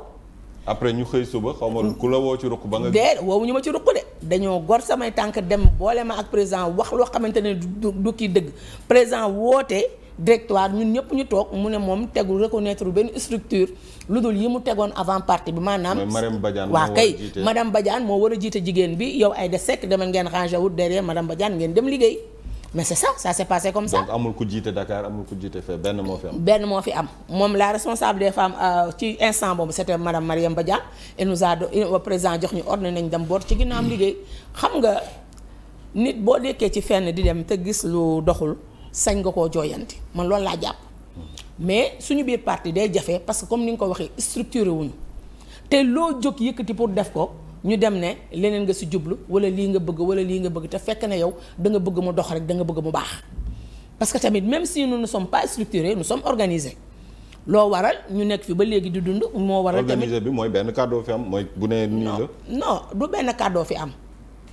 après ñu xëy suba xaw ma ku la woo ci ruq ba nga. de woowu ñu ma ci ruq de. dañoo gor samay tànk dem boole ma ak président wax loo xamante ne du du kii directoire ñun ñëpp ñu toog mu ne moom tegul reconnaître benn structure lu dul yi mu tegoon avant parti bi maanaam. waaw kay madame Badiane moo war a jiite jigéen bi yow ay de sekk dama ngeen rangé wut derrière madame Badiane ngeen dem liggéey. mais c'est ça ça s'est passé comme ça. donc amul ku jiite Dakar amul ku jiite fee benn moo fi am. benn moo fi am moom la responsable des femmes euh, ci instant boobu c'était madame Mariam Badiane elle nous a do président jox ñu ordre nañ dem boor ci ginnaaw am xam nga nit boo nekkee ci fenn di dem te gis lu doxul. sañ nga koo jooyanti man loolu laa jàpp mais suñu biir parti day jafe parce que comme ni nga ko waxee structuré wuñu te loo jóg yëkkati pour def ko ñu dem ne leneen nga si jublu wala lii nga bëgg wala lii nga bëgg te fekk ne yow da nga bëgg mu dox rek da nga bëgg mu baax parce que tamit même si nous ne sommes pas structurés nous sommes organisés loo waral ñu nekk fi ba léegi di dund moo waral tamit organisé bi mooy benn kàddoo fi am mooy bu nee nii la non du benn kàddoo fi am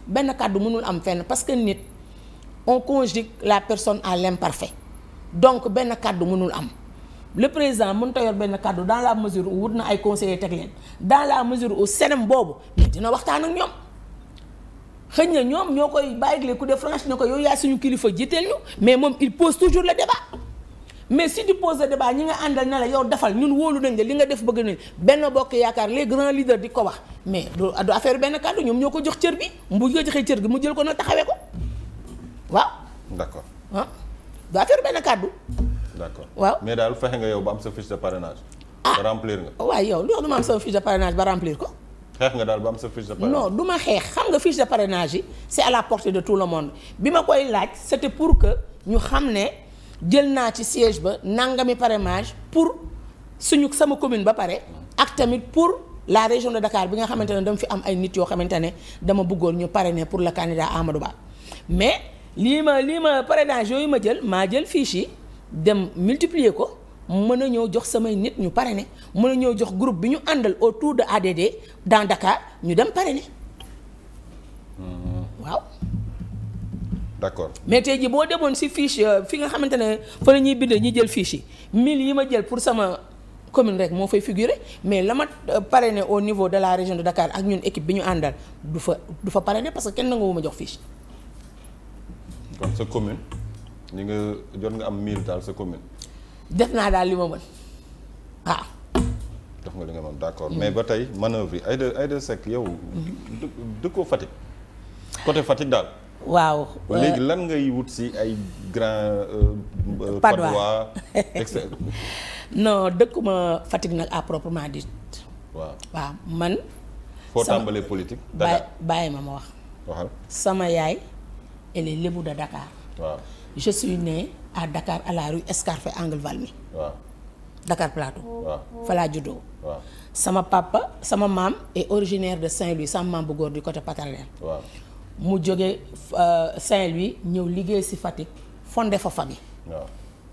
benn kàddu mënul am fenn parce que nit on conjugue la personne à l'imparfait donc benn kàddu mënul am le président mënut a yor benn kàddu dans la mesure où wut na ay conseil teg leen dans la mesure où senem boobu dina waxtaan ak ñoom xëy na ñoom ñoo koy bàyyi les coups de franche ko yow yaay suñu kilifa jiiteel ñu mais moom il pose toujours la débat mais si tu poses le débat ñi nga àndal ne la yow defal ñun wóolu nañ la li nga def bëgg nañ benn bokk yaakaar les grands leaders di ko wax mais du affaire benn kàddu ñoom ñoo ko jox cër bi mu joxee cër gi mu jël ko na taxawee ko. waaw. d' accord ah du kàddu. d' waaw mais daal fexe nga yow ba am sa fiche de parrainage. ah remplir nga. waaw yow loolu ma am sa fiche de parrainage ba remplir ko. xeex nga daal ba am sa fiche de parrainage. ma xeex xam nga fiche de parrainage yi c' est à la portée de tout le monde bi ma koy laaj c' était pour que ñu xam ne jël naa ci siège ba nangami parrainage pour suñu sama commune ba pare ak tamit pour la région de Dakar bi nga xamante ne dama fi am ay nit yoo xamante ne dama bëggoon ñu parrainer pour le candidat Amadou Ba mais. lii ma lii ma parrainage yooyu ma jël maa jël fiche yi dem multiplier ko mën a ñëw jox samay nit ñu pare parrainé mën a ñëw jox groupe bi ñu àndal autour de ADD dans Dakar ñu dem parrainé hmm. waaw. d'accord mais tey jii boo demoon si fiche euh, fi nga xamante ne fa la ñuy bindee ñi jël fiche yi mille yi ma jël pour sama. commune rek moo fay figurer mais la ma euh, parrainé au niveau de la région de Dakar ak ñun équipe bi ñu àndal du fa du fa parrainé parce que kenn nanguwu ma jox fiche kon sa commune li nga jot nga am mille daal sa commune. def naa daal li ma mën waaw. def nga li nga mën d'accord mm. mais ba tey manœuvre yi Aïda a Seck yow. dëkkoo Fatick côté Fatick daal. waaw léegi euh, lan ngay wut si ay grand euh, euh, Padois non dëkkuma Fatick nag à proprement dit waaw waaw man foo tàmbalee politique bàyyi ma ma wax waxal sama yaay et les Lébou de Dakar. waaw je à Dakar à la rue angle Valmy. waaw Dakar Plateau. waaw sama papa sama maam est originaire de Saint-Louis sama maam bu góor du côté paternel. mu jóge euh, Saint-Louis ñëw liggéey si Fatick fondé fa famille. waaw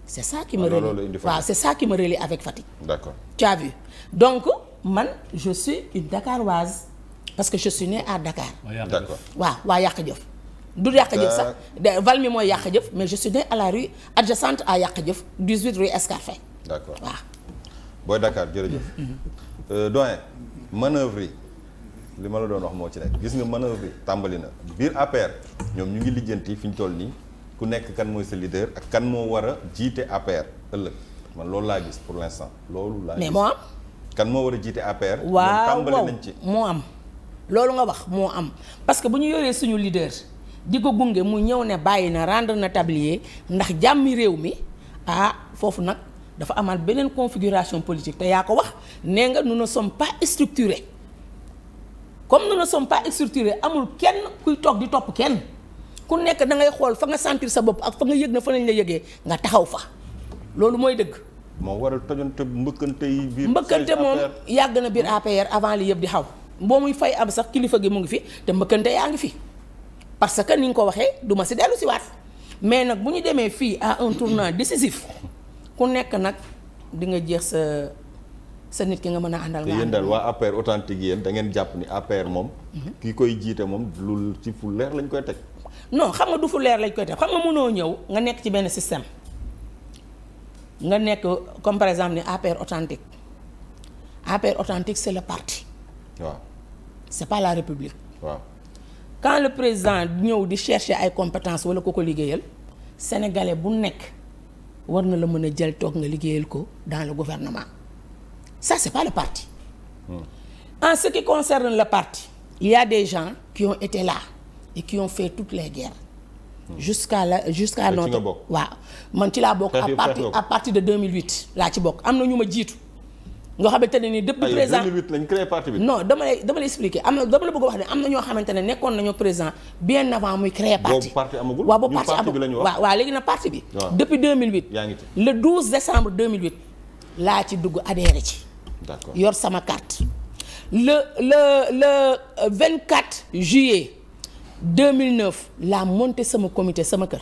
c'est ça qui ah, me relie waaw c'est ça qui me relie avec Fatick. donc man je suis une Dakaroise parce que je suis à Dakar. waaw waa Yàq Jëf du yàq jëf sax euh. val mi mooy yàq jëf mais je suis née à la rue adjacente à yàq jëf 18 rue Escarfet. d'accord waaw. booy Dakar jërëjëf. Mm-hmm. Euh, doyen manœuvre yi li ma la doon wax moo ci nekk gis nga manœuvre yi tàmbali na biir APR ñoom ñu ngi ligganti fi ñu toll nii ku nekk kan mooy sa leader ak kan moo war a jiite APR ëllëg man loolu laa gis pour l'instant loolu laa gis mais moo am. kan moo war a jiite APR. waaw tàmbali nañ ci moo am. loolu nga wax moo am parce que bu ñu yoree suñu leader. di ko gunge mu ñëw ne bàyyi na rendre na tablier ndax jàmmi réew mi ah foofu nag dafa amaat beneen configuration politique te yaa ko wax nee nga nous ne sommes pas structurés comme nous ne sommes pas structurés amul kenn kuy toog di topp kenn ku nekk da ngay xool fa nga sentir sa bopp ak fa nga yëg na fa lañ la yëgee nga taxaw fa loolu mooy dëgg. moo waral tojante mbëkkante yi biir mbëkkante moom yàgg na biir hmm. APR avant li yëpp di xaw boo muy fay am sax kilifa gi mu ngi fi te mbëkkante yaa ngi fi. parce que ni nga ko waxee duma si dellu si waat mais nag bu ñu demee fii à un tournant décisif ku nekk nag di nga jeex sa sa nit ki nga mën a àndal. nga yéen daal waa APR authentique yéen da ngeen jàpp ni APR moom. Mhm. ki koy jiite moom lu ci fu leer lañ koy teg. non xam nga du fu leer lañ koy teg xam nga mënoo ñëw nga nekk ci benn système nga nekk comme par exemple ni APR authentique APR authentique c'est le parti. waaw c'est pas la république. waaw. quand le président ñëw di chercher ay compétences wala ko ko liggéeyal sénégalais bu nekk war na la mën a jël toog nga liggéeyal ko dans le gouvernement ça c'est pas le parti mmh. en ce qui concerne le parti il y des gens qui ont été là et qui ont fait toutes les guerres mmh. jusqu'à la jusqu'à notre waa man ci laa bokk à partir à partir de 2008 laa ci bokk am na ñu ma jiitu nga xamante ne ni depuis président 2008 lañ créé parti bi non dama lay dama lay expliquer am na dama la bëgg wax na ñoo xamante ne nekkoon nañoo président bien avant muy créé parti boobu parti amagul waaw boobu parti amagul waaw waaw léegi nag parti bi depuis le laa ci dugg adhéré ci d'accord yor sama carte le le le 24 juillet 2009 laa monté sama comité sama kër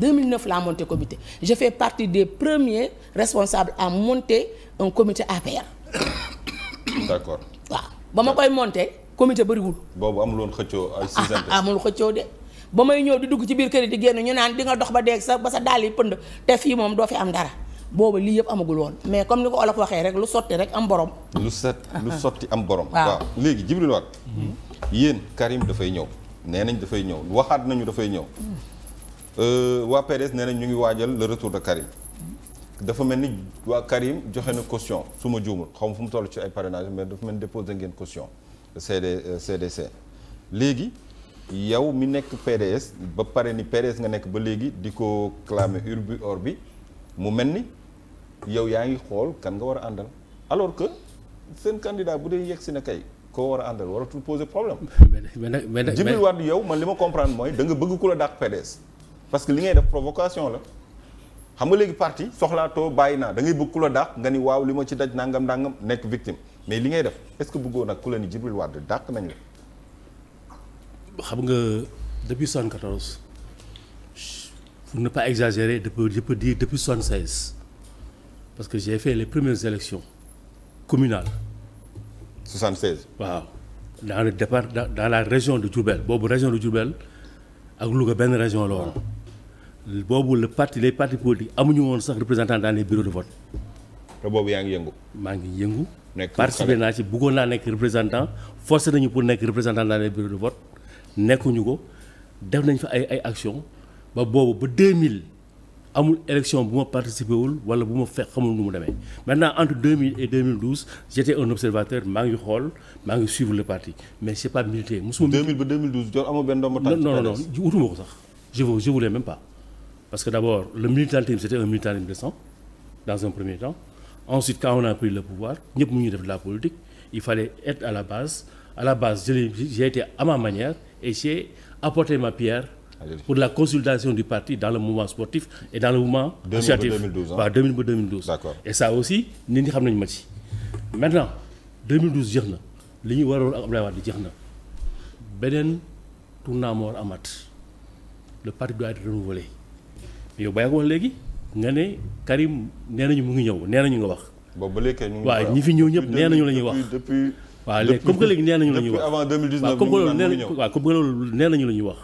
2009 laa monté comité je fais des premiers responsables à monter un comité APR. d'accord waaw ba ma koy monter comité bariwul boobu amuloon woon xëccoo ay sisante ah, ah, amul xëccoo de ba may ñëw di dugg ci biir kër yi di génn ñu naan di nga dox ba dee sa ba sa daal yi pënd te fii moom doo fi am dara. booba lii yëpp amagul woon mais comme ni ko olof waxee rek lu sotti rek am borom. lu set lu sotti am borom. waaw léegi Djibril Wade yéen Karim dafay ñëw nee nañ dafay ñëw waxaat nañu dafay ñëw. Hmm. Euh, waa PDS nee nañ ñu ngi waajal le retour de Karim. dafa mel ni waa Karim joxe na caution su ma juumul xaw ma fu mu toll ci ay parrainage mais dafa mel ni déposé ngeen caution CD CDC léegi yow mi nekk PDS ba pare ni PDS nga nekk ba léegi di ko clamer urbi orbi mu mel ni yow yaa ngi xool kan nga war a àndal alors que seen candidat bu dee yegg si na kay koo war a àndal waratul poser problème. mais nag mais nag Djibril Wade yow man li ma comprendre mooy danga bëgg ku la dàq PDS parce que li ngay def provocation la. xam nga léegi parti soxlaatoo bàyyi naa da ngay bëgg ku la dàq nga ni waaw li ma ci daj nangam nangam nekk victime mais li ngay def est-ce que bëggoo nag ku la ni Djibril Wade dàq nañ la. xam nga depuis 74 pour ne pas exagérer depuis je peux dire depuis 76 parce que j'ai fait les premières élections communales. 76. waaw dans le départ dans la région de Diourbel boobu région de Diourbel ak Louga benn région la woon. boobu le parti les partis politiques amuñu woon sax représentant dans les bureaux de vote. te boobu yaa ngi yëngu. maa ngi yëngu. nekk participé naa ci bëggoon naa nekk représentant forcé nañu pour nekk représentant dans les bureaux de vote nekkuñu ko def nañ fa ay ay action ba boobu ba 2000 amul élection bu ma participé wul wala bu ma fekk xamul nu mu demee maintenant entre 2000 et 2012 j' étais un observateur maa ngi xool maa ngi suivre le parti mais c' est pas militaire mosuma. 2000 ba Parce que d'abord, le militantisme, c'était un militantisme de sang, dans un premier temps. Ensuite, quand on a pris le pouvoir, nous de la politique, il fallait être à la base. À la base, j'ai été à ma manière et j'ai apporté ma pierre pour la consultation du parti dans le mouvement sportif et dans le mouvement 2000 associatif. 2012, hein? bah, 2000 2012. Et ça aussi, nous savons Maintenant, 2012, jeex na li ñu waroon ak Abdoulaye Wade jeex na beneen tournant moo amat le parti doit être renouvelé. yow bàyyi ko woon léegi nga ne Karim nee nañu mu ngi ñëw nee nañu nga wax. boobu ba léegi ñu waaw ñi fi ñëw ñëpp nee nañu la ñuy wax. depuis waaw léegi comme que léegi nee nañu la ñuy wax avant 2019 comme que loolu nee waaw comme que loolu nee nañu la wax.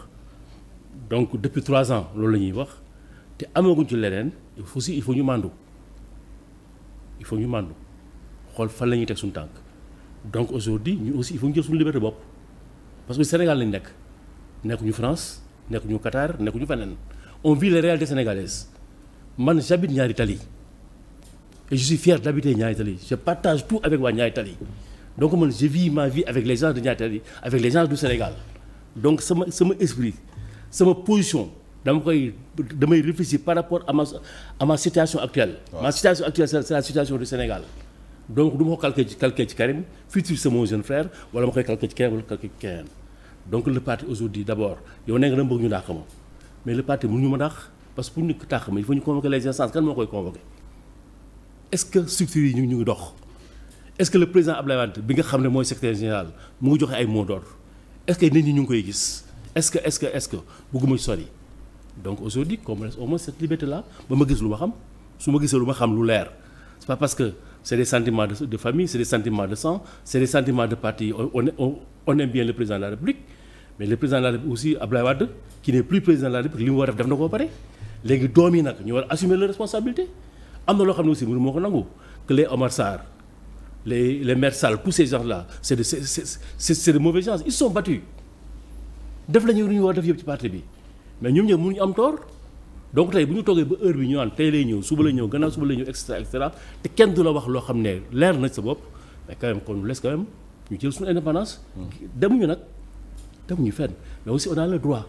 donc depuis trois ans loolu la ñuy wax te amaguñ ci leneen il faut aussi il faut ñu màndu il faut ñu màndu xool fan la ñuy teg suñu tànk donc aujourd'hui ñun aussi il faut ñu jël suñu liberté bopp parce que Sénégal lañ nekk nekkuñu France nekkuñu Qatar nekkuñu feneen. on vit les réalités sénégalaises man j'habite ñaari tali et je suis ñaari tali je partage tout avec waa ñaari tali donc man je vis ma vie avec les gens de ñaari tali les gens du Sénégal donc sama sama esprit sama position dama koy damay réfléchir par rapport à ma à ma situation actuelle. ma situation actuelle c'est la situation du Sénégal. donc du ma ko calqué ci calqué ci Karim futur sama mon jeune frère wala ma koy calqué ci keneen wala donc le parti aujourd'hui d'abord yow nekk nga dama ñu dàq ma mais le parti mënuñu ma dàq parce que pour ñu ko tàq ma ñu convoquer les instances kan moo koy convoquer est-ce que structures yi ñu ngi dox est-ce que le président Abdoulaye Wade bi nga xam ne mooy secrétaire général mu ngi joxe ay mots d'ordre est-ce que nit ñi ñu ngi koy gis est-ce que est-ce que est-ce que bëgguma donc aujourd'hui qu'on me au moins cette liberté ba ma gis lu ma xam su ma gisee lu ma xam lu leer c'est pas parce que c'est des sentiments de de de sang mais le président de la République aussi Abdoulaye Wade qui n'est plus président de la li mu war def def na ko pare léegi doom yi nag ñu war assumer leur responsabilité am na loo xam ne aussi nu moo ko nangu que les Omar Sarr les le maires Sall tous ces gens là c'est de c'est c'est c'est de mauvais gens ils sont battus def la ñu ñu war def yëpp ci parti bi mais ñoom ñëpp mënuñu am tort donc tey bu ñu toogee ba heure bi ñu naan tey lay ñëw suba lay ñëw gannaaw suba lay ñëw et cetera et kenn du la wax loo xam ne leer na sa bopp mais quand même mm. demuñu nag. demuñu fenn mais aussi on a le droit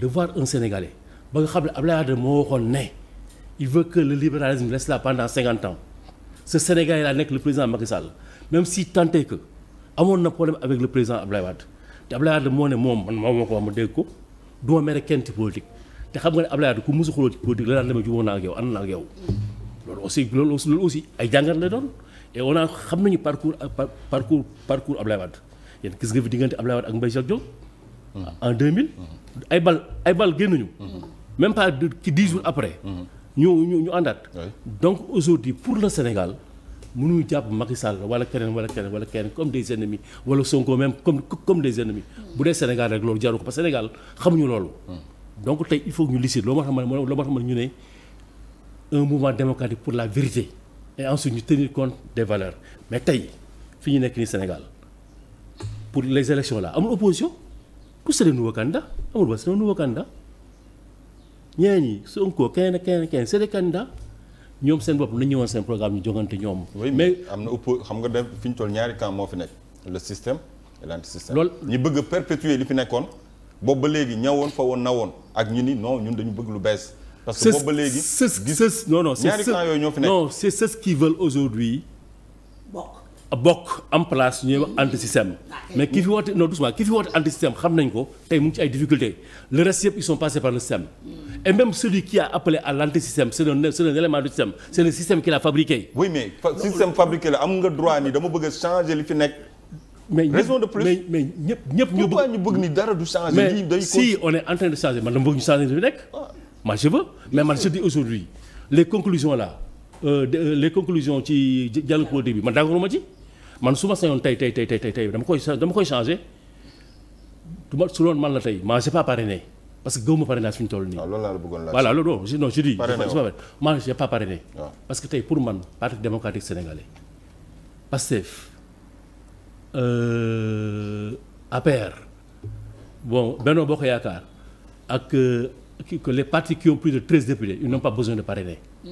de un Sénégalais ba nga xam ne Abdoulaye Wade moo waxoon ne il veut que le libéralisme pendant cinquante ans ce Sénégalais laa nekk le président Macky Sall même si tant que amoon na problème avec le président Abdoulaye Wade te Abdoulaye Wade moo ne moom man moom ma dégg ko du ma mere kenn ci politique te xam nga ne Abdoulaye Wade ku musu xuloo ci politique la daan demee jubóo naa ak yow ànd naa ak yow loolu aussi loolu a xam yéen gis nga fi diggante Abdoulaye Wade ak Mbaye Jacques Diop. en 2000. Mm-hmm. ay bal ay bal génnuñu. Mm-hmm. même pas ci dix jours après. Mm-hmm. ñu ñu ñu àndaat. donc aujourd'hui pour le Sénégal mënuñu jàpp Macky Sall wala keneen wala keneen wala keneen comme des ennemis wala Sonko même comme comme des ennemis. bu dee Sénégal rek loolu jaru ko parce que Sénégal xamuñu loolu. donc tey il faut ñu lissi loo ma xam ne loo ma xam ne ñu ne un mouvement démocratique pour la vérité et ensuite ñu tenir compte des valeurs mais tey fi ñu nekk nii Sénégal. pour les élections là amul opposition ku sera nouveau candidat amul ba sera nouveau candidat ñeneen ñi Sonko keneen ak keneen ak keneen c'est des ñoom seen bopp nañu ñëwoon seen programme ñu jogante ñoom. mais am na oppo nga def ñu toll ñaari camp moo fi nekk le système et l'antisystème. loolu bëgg a perpétuer li fi nekkoon boobu ba léegi ñawoon fa woon nawoon ak ñu ni non ñun dañu bëgg lu bees. parce que boobu ba léegi. gis ñaari yooyu ñoo fi nekk non c'est ce qu'ils veulent aujourd'hui bokk am place ñuy wax anti système mais ki fi woote non doucement ki fi woote anti système xam nañ ko tey mu ci ay difficultés le reste yëpp ils sont passés par le système et même celui qui a appelé à l' anti système c' est un c' est un élément du système c' est le système qui l' a fabriqué. oui mais système fabriqué la am nga droit ni dama bëgg a changer li fi nekk. mais raison de plus mais mais ñëpp bëgg ñu dara du changer. lii day si on est en train man dama bëgg ah. aujourd'hui les conclusions là euh, euh les conclusions ci dialogue politique bi man d'accord ma ci. man su ma sañoon tey tey tey tey tey dama koy dama koy changé du ma su loon man la tey ma j'ai pas parrainé parce que gëw ma parrainage fi ñu toll nii. waaw ah, loolu laa la bëggoon laaj. voilà pas parrainé. Ah. parce que tey pour man parti démocratique sénégalais Pastef euh, APR bon Benno Bokk Yaakaar ak euh, que les partis qui ont plus de treize députés ils n'ont pas besoin de parrainer. Mm.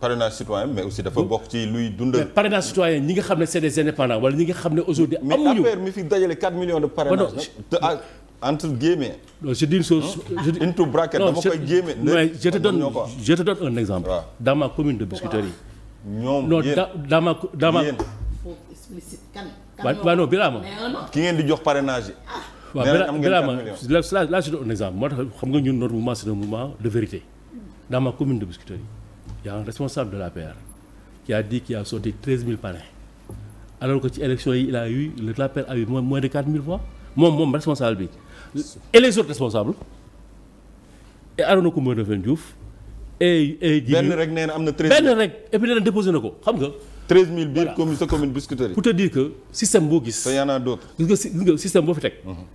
parrainage citoyen mais aussi dafa ñi nga xam ne c'est des indépendants wala ñi nga xam ne aujourd'hui. amuñu mais affaire mi fi dajale 4 de parrainage. Oh ah, entre guillemets. non je dis une chose. je dis into bracket ma commune de Biscuiterie. ñoom non da dans ma ma. foofu explicite kan. kan waaw non Birama. ki ngeen di jox parrainage yi. Ah. waaw Birama Birama là un exemple moo tax xam y a responsable de l'APR qui a dit qu'il a sorti 13 000 parrains alors que ci élection yi la a eu le l'APR a eu moins moins de 4 000 voix moom moom responsable bi et les autres responsables et Arona Coumba Ndeffène Diouf et et ji na am na 13 benn rek et puis na déposé na ko xam nga. 13000 biir commune sa commune Biscuiterie. pour te dire que système boo gis. te y en a système boo fi teg. Mhm.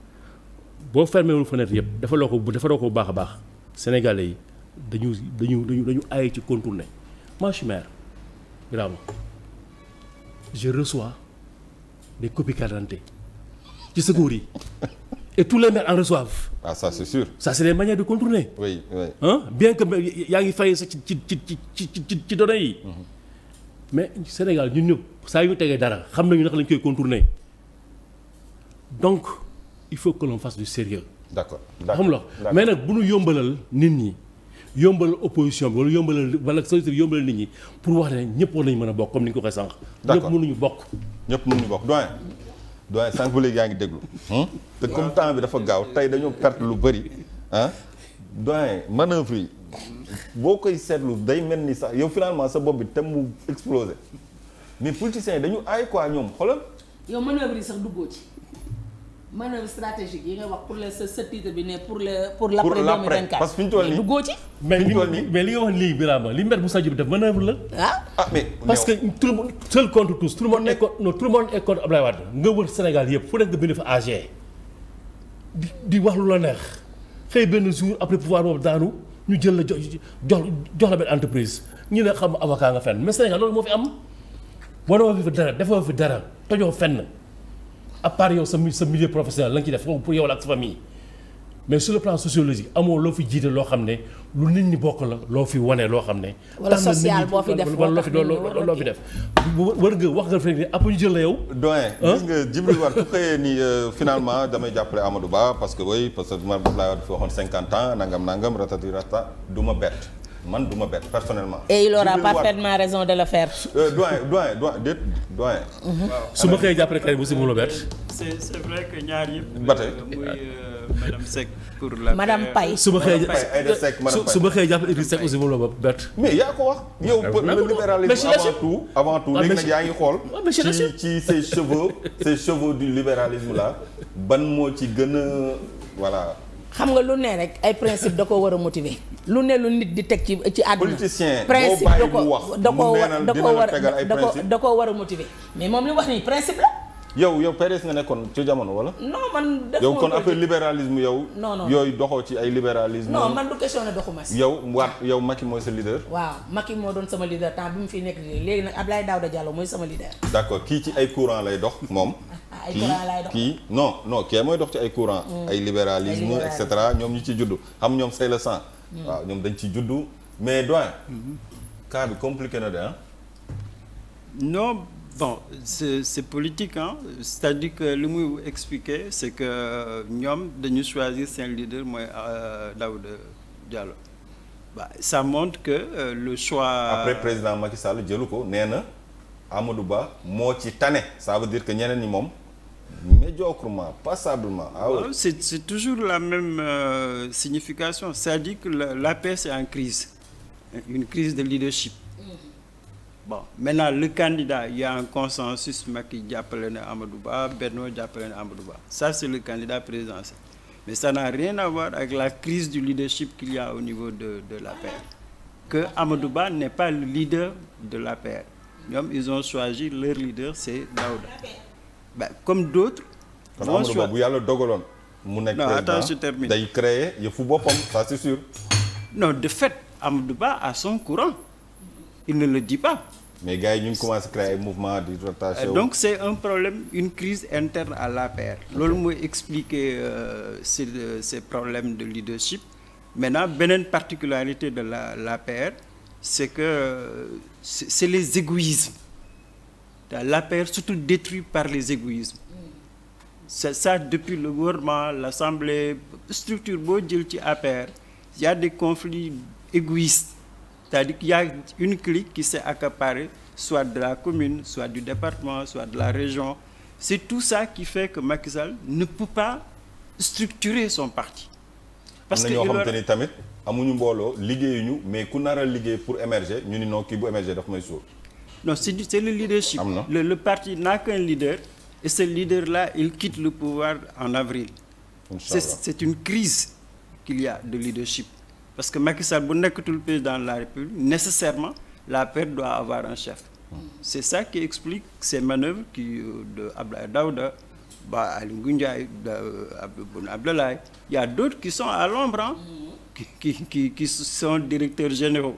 boo fermé wul fenêtre yëpp defaloo ko dafa loo ko bu baax baax sénégalais yi. dañu dañu dañu dañu aaye ci contourner ma chimère Birama je reçois des copies cadentées ci secours yi et tous en reçoivent. ah ça c'est sûr. ça c'est des contourner. bien que yaa ngi fay sa ci ci ci ci ci données yi. Mhm. mais Sénégal ñu ñëpp saa yu ñu tegee dara xam nañu naka lañ koy contourner donc il faut que l'on fasse du sérieux d'accord xam nga mais nag bu ñu yombalal nit ñi. yombal opposition bi wala yombalal wala société bi yombalal nit ñi pour wax ne ñëpp war nañu mën a bokk comme ni ñu ko waxee sànq. d'accord ñëpp mënuñu bokk. ñëpp mënuñu bokk doyen. doyen sànq ba léegi yaa ngi déglu. te comme temps bi dafa gaaw tey dañoo perte lu bëri ah doyen manœuvre yi boo koy seetlu day mel ni sax yow finalement sa bopp bi tem mu explosé mais politiciens yi dañu aay quoi ñoom xoolal. yow manœuvre yi sax duggoo ci. manœuvre stratégique yi nga wax pour le sa sa titre bi ne pour le pour l'après 2024 parce que fi ñu toll nii duggoo ci mais mais li nga wax lii Birama li Maître Moussa Diop def manœuvre la ah, ah mais parce que tout le monde seul contre tous tout le monde est contre non tout le monde est contre Abdoulaye Wade nga wër Sénégal yëpp fu nekk nga bind fa AG di di wax lu la neex xëy benn jour après pouvoir boobu daanu ñu jël la jox jox jox la benn entreprise ñu ne xam avocat nga fenn mais Sénégal loolu moo fi am wanoo fi dara defoo fi dara tojoo fenn à part yow sa sa milieu professionnel la ci def pour yow la ak sa famille mais sur le plan sociologique amoo loo fi jiite loo xam ne lu nit ñi bokk la loo fi wane loo xam ne. wala social boo fi def wala loo fi loo fi def. war nga wax nga fi après ñu jël la yow. doyen gis nga Djibril War ku xëyee ni euh, finalement damay jàppale Amadou Ba parce que oui parce que ma laa wax waxoon 50 ans nangam nangam ratati rata ma bett man du ma bett personnellement. et il aura parfaitement raison de doyen. Mhm. su ma xëyee jàppale kay bu si mu bett. c'est c'est vrai que ñaar yëpp. ba tey euh, muy euh, madame Seck pour su ma xëyee su ma xëyee jàppale Idriss Seck aussi mu la bett. mais yaa ko wax. yow ah, le libéralisme avant tout avant tout ah, léegi nag yaa ngi xool. Ah, ci ci ces chevaux ces chevaux du libéralisme là ban moo ci gën a voilà. xam nga lu ne rek ay principe da ko war a motiver lu ne lu nit di teg ci ci àdduna principe da ko da ko da ko war a motiver mais moom li wax nii principe la yow yow PDS nga nekkoon ci jamono wala. non man def yow kon après libéralisme yow. non non yooyu doxoo ci ay libéralisme. non man du question ne doxuma si. yow waat ah. yow Macky mooy sa leader. waaw Macky moo doon sama leader temps bi mu fi nekk léegi nag Abdoulaye Daouda Diallo mooy sama leader. d'accord kii ci ay courant lay dox moom. ay kii no non kii mooy dox ci ay courant mm. ay libéralisme et cetera ñoom ñu ci juddu xam ñoom c'est le sang mm. waaw ñoom dañ ci juddu mais doyen mm-hmm. cas bi compliqué na de ah non bon c'est c'est politique ah c'est-à-dire que li muy expliquer c'est que ñoom dañu choisir seen leader mooy euh, Daouda Diallo bah ça montre que euh, le choix. après président Macky Sall jëlu ko nee na Amadou Ba moo ci tane ça veut dire que ñeneen ñi moom. médiocrement passablement ah oui. c'est c'est toujours la même euh, signification c'est-à-dire que l'APS est en crise une crise de leadership mm-hmm. bon maintenant le candidat il y a un consensus Macky jàppale na Amadou Ba Benno Amadou Ba ça c'est le candidat présidentiel mais ça n'a rien à voir avec la crise du leadership qu'il y a au niveau de de l'APR que Amadou Ba n'est pas le leader de l'APR ñoom ils ont choisi leur leader c'est Daouda bah, comme d'autres kon Amadou bu yàlla dogaloon mu nekk président day créer yëfu boppam ça c'est sûr non de fait Amadou Ba a son courant il ne le dit pas mais gars yi ñu ngi commencé créer ay mouvement di rotation euh, donc c'est un problème une crise interne à l'APR loolu mooy expliquer euh, ces euh, ces problèmes de leadership maintenant beneen particularité de la l'APR c'est que euh, c'est les égoïsmes l'APR surtout détruit par les égoïsmes mm. c'est ça depuis le gouvernement l'assemblée structure boo jël ci APR y a des conflits égoïstes c'est-à-dire qu'il y a une clique qui s'est accaparée soit de la commune soit du département soit de la région c'est tout ça qui fait que Macky ne peut pas structurer son parti. parce que am na ñoo xamante ni tamit amuñu mbooloo liggéeyuñu mais ku nar a liggéey pour émerger ñu ni non kii bu émerger daf may non c'est du c'est le leadership. le le parti n'a qu'un leader. et ce leader là il quitte le pouvoir en avril. c'est c'est une crise qu'il y a de leadership. parce que Macky Sall bu nekkatul président de la République nécessairement la paix doit avoir un chef. Hmm. c'est ça qui explique ces manœuvres qui euh, de Abdoulaye Daouda Ba Aly Ngouille Ndiaye euh, Boun Abdallah il y a d'autres qui sont à l'ombre hmm. qui sont directeurs généraux.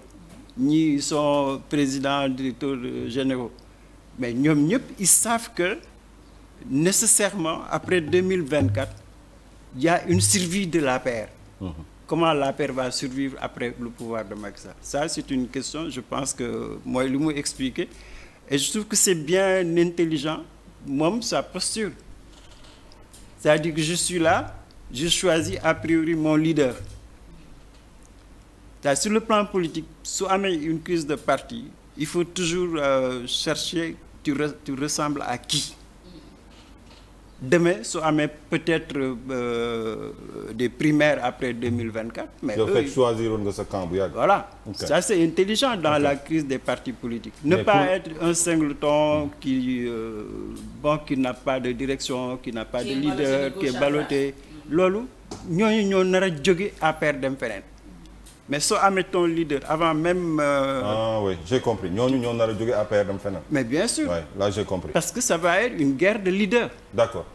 ñi son président directeur euh, généraux mais ñoom ñëpp ils savent que nécessairement après 2024 il y a une survie de la pair mmh. comment l'APR va survivre après le pouvoir de Macky ça c'est une question je pense que mooy lu mu expliquer et je trouve que c'est bien intelligent moom sa posture c'est-à-dire que je suis là je choisis a priori mon leader ca à sur le plan politique su amee une crise de partie il faut toujours euh, chercher tu re, tu ressembles à qui demain su amee peut-être euh, des primaires après 2024 mais yow fekk choisiroon nga sa camp voilà okay. ça c'est intelligent dans la crise des partis politiques ne mais pas pour... être un singleton qui euh, bon qui n'a pas de direction qui n'a pas qui de leader qui est ballotté loolu ñooñu ñoo nar a jóge à perdre dem feneen mais soo amee ton leader avant même. Euh... ah oui j'ai compris ñooñu ñoo nar a jóge APR dem feneen. mais bien sûr oui là j'ai compris. parce que ça va être une guerre de leaders. d'accord.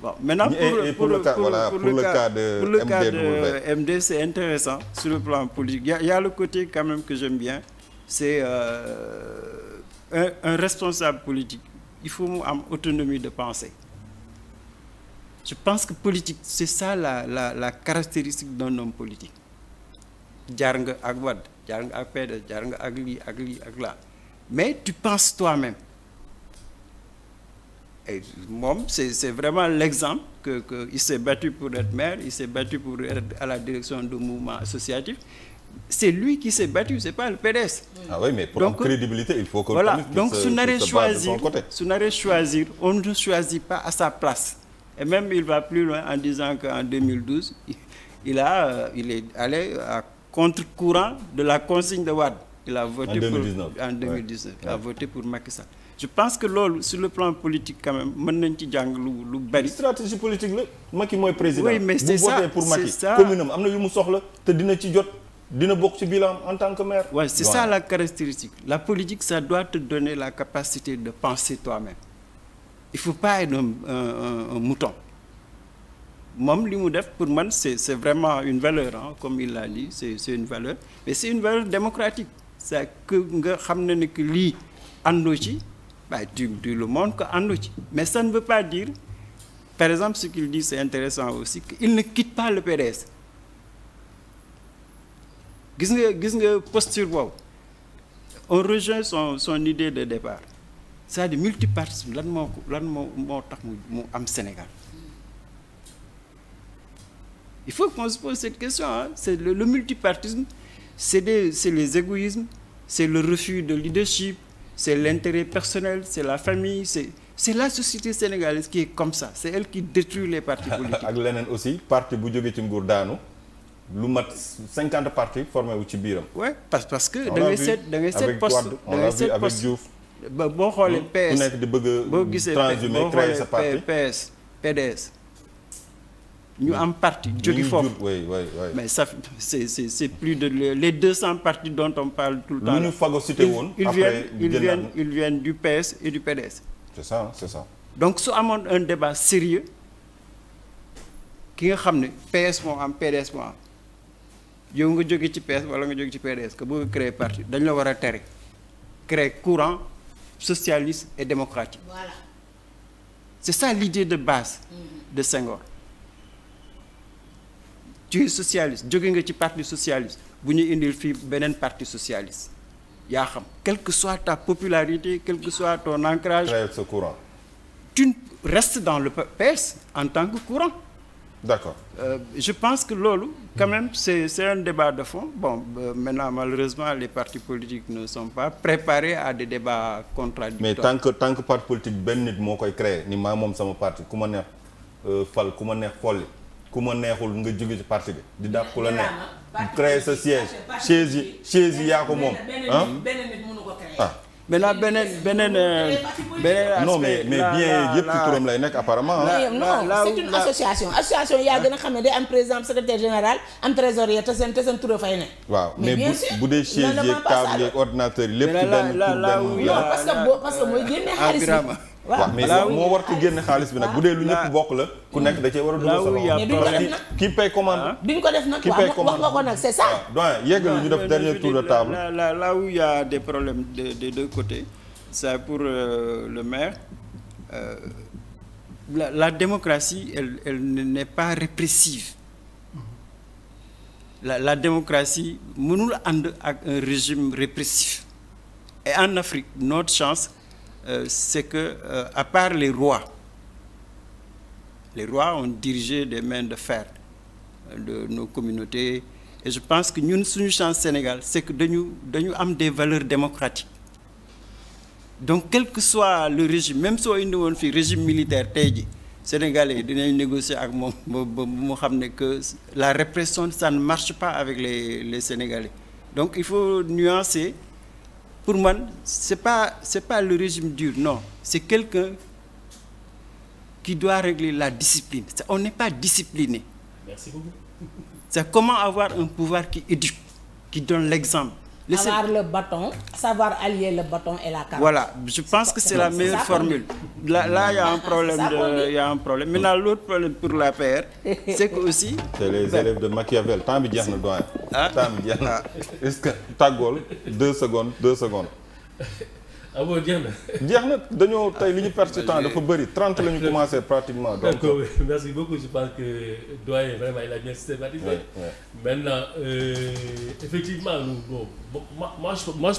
bon maintenant pour, et pour, pour le, le cas, pour, voilà, pour le cas de pour le MD, cas de MD c'est intéressant sur le plan politique il y a, il y a le côté quand même que j'aime bien c'est euh, un, un responsable politique il faut mu am autonomie de pensée je pense que politique c'est ça la la la caractéristique d'un homme politique jaar nga ak Wade jaar nga ak PDS jaar nga ak lii ak lii ak laa mais tu penses toi-même et moom c'est vraiment l'exemple que que il s'est battu pour être maire il s'est battu pour être à la direction de mouvement associatif c'est lui qui s'est battu c'est pas le PDS. ah oui mais pour donc, am crédibilité il faut que. voilà donc su naree choisir on ne choisit pas à sa place. et même il va plus loin en disant qu'en 2012 il a euh, il est allé à contre courant de la consigne de Wade. il a voté en 2019 pour en 2019 il a voté pour Macky sa je pense que loolu sur le plan politique quand même mën nañ ci jàng lu lu bari. stratégie politique la Macky mooy président. oui mais pour Macky commune am am na yu mu soxla te dina ci jot. dina bokk ci bilan en tant que maire. waaw c'est ça la caractéristique la politique ça doit te donner la capacité de penser toi-même il faut pas être un, un, un, un mouton. moom li mu def pour man c'est c'est vraiment une valeur ah comme il l'a dit c'est c'est une valeur mais c'est une valeur démocratique c'est que nga xam na ne que lii àndoo ci waaye tu tu le montres que àndoo ci mais ça ne veut pas dire par exemple ce qu'il dit c'est intéressant aussi qu'il ne quitte pas le PDS gis nga gis nga posture boobu on rejoint son son idée de départ c'est-à-dire multipartisme lan moo ko lan moo moo tax mu mu am Sénégal Il faut qu'on se pose cette question. Hein. C'est le, le, multipartisme, c'est les égoïsmes, c'est le refus de leadership, c'est l'intérêt personnel, c'est la famille, c'est... C'est la société sénégalaise qui est comme ça c'est elle qui détruit les partis politiques. ak leneen aussi parti bu jógee ci nguur daanu lu mat cinquante partis formé wu ci biiram. oui parce parce que da ngay seet da ngay seet poste da ngay seet poste boo xoolee PS ku nekk di bëgg a transhumé créer sa PS PDS. ñu am parti jógi foofu mais ça c'est c'est c'est plus de les deux cents partis dont on parle tout le temps lu ñu phagocyté woon ils viennent ils viennent ils viennent du PS et du PDS c'est ça c'est donc su amoon un débat sérieux ki nga xam ne PS moo am PDS moo am yow nga jóge ci PS wala nga jóge ci PDS que bëgg créer parti dañ la war a tere créer courant socialiste et démocratique voilà c'est ça l'idée de base de Senghor tu es socialiste jóge nga ci parti socialiste bu ñu indil fii beneen parti socialiste yaa xam quelle que soit ta popularité quel que soit ton ancrage. ce courant. tu restes dans le PS en tant que courant. d'accord euh, je pense que loolu quand même c'est c'est un débat de fond bon euh, maintenant malheureusement les partis politiques ne sont pas préparés à des débats contradictoires mais tant que tant que parti politique benn nit moo koy créer ni maa moom sama parti ku ma neex euh, fal ku ma neex ku ma neexul nga jóge ci parti bi di dàq ku la neex créer sa siège chaise yi chaise yi yaa ko moom ah ah maintenant beneen beneen beneen aspect non mais mais bien yëpp ci turam lay nekk apparemment. non c'est une association association yaa gën a xam ne day am président secrétaire général am trésorier te seen te seen tura fay ne. waaw mais bu dee chaise yeeg table yeeg ordinateur yi lépp ci benn. ci benn non parce que boo parce que mooy génne ah, xaalis bi waaw mais moo war ci génn xaalis bi nag bu dee lu ñëpp bokk la ku nekk da cee war a dugal sa loxo kii paye commande duñ ah. ko def nag kii paye commande wax nga ko nag c'est ça doyen yegg ñu def dernier tour de table là là où il y a des problèmes des deux côtés c'est pour euh, le maire euh, la la démocratie elle elle n'est pas répressive la la démocratie mënul ànd ak un régime répressif et en Afrique notre chance Euh, c'est que euh, à part les rois les rois ont dirigé des mains de fer euh, de nos communautés et je pense que ñun suñu chance Sénégal c'est que dañu dañu am des valeurs démocratiques donc quel que soit le régime même soo indi woon fii régime militaire tey ji Sénégalais dinañ négocier ak moom ba ba mu xam ne que la répression ça ne marche pas avec les les donc il faut nuancer pour man c'est pas c'est pas le régime dur non c'est quelqu'un qui doit régler la discipline on n'est pas discipliné. merci beaucoup. c'est comment avoir un pouvoir qui éduque qui donne l'exemple Laissez... avoir le bâton, savoir allier le bâton et la carotte. Voilà, je pense que c'est la meilleure formule. Là, là, a un problème. De, il y a un l'autre problème pour la PR, c'est que aussi. C'est les ben, élèves de Machiavel. Temps bi jeex na doyen. ah temps bi jeex na. est-ce que tàggool deux secondes deux secondes. abo ah jeex na. jeex na dañoo tey li ñu perte temps ah, dafa bëri 30 la ñu commencé pratiquement. donc d'accord merci beaucoup je pense que doyen vraiment a bien systématisé. oui euh,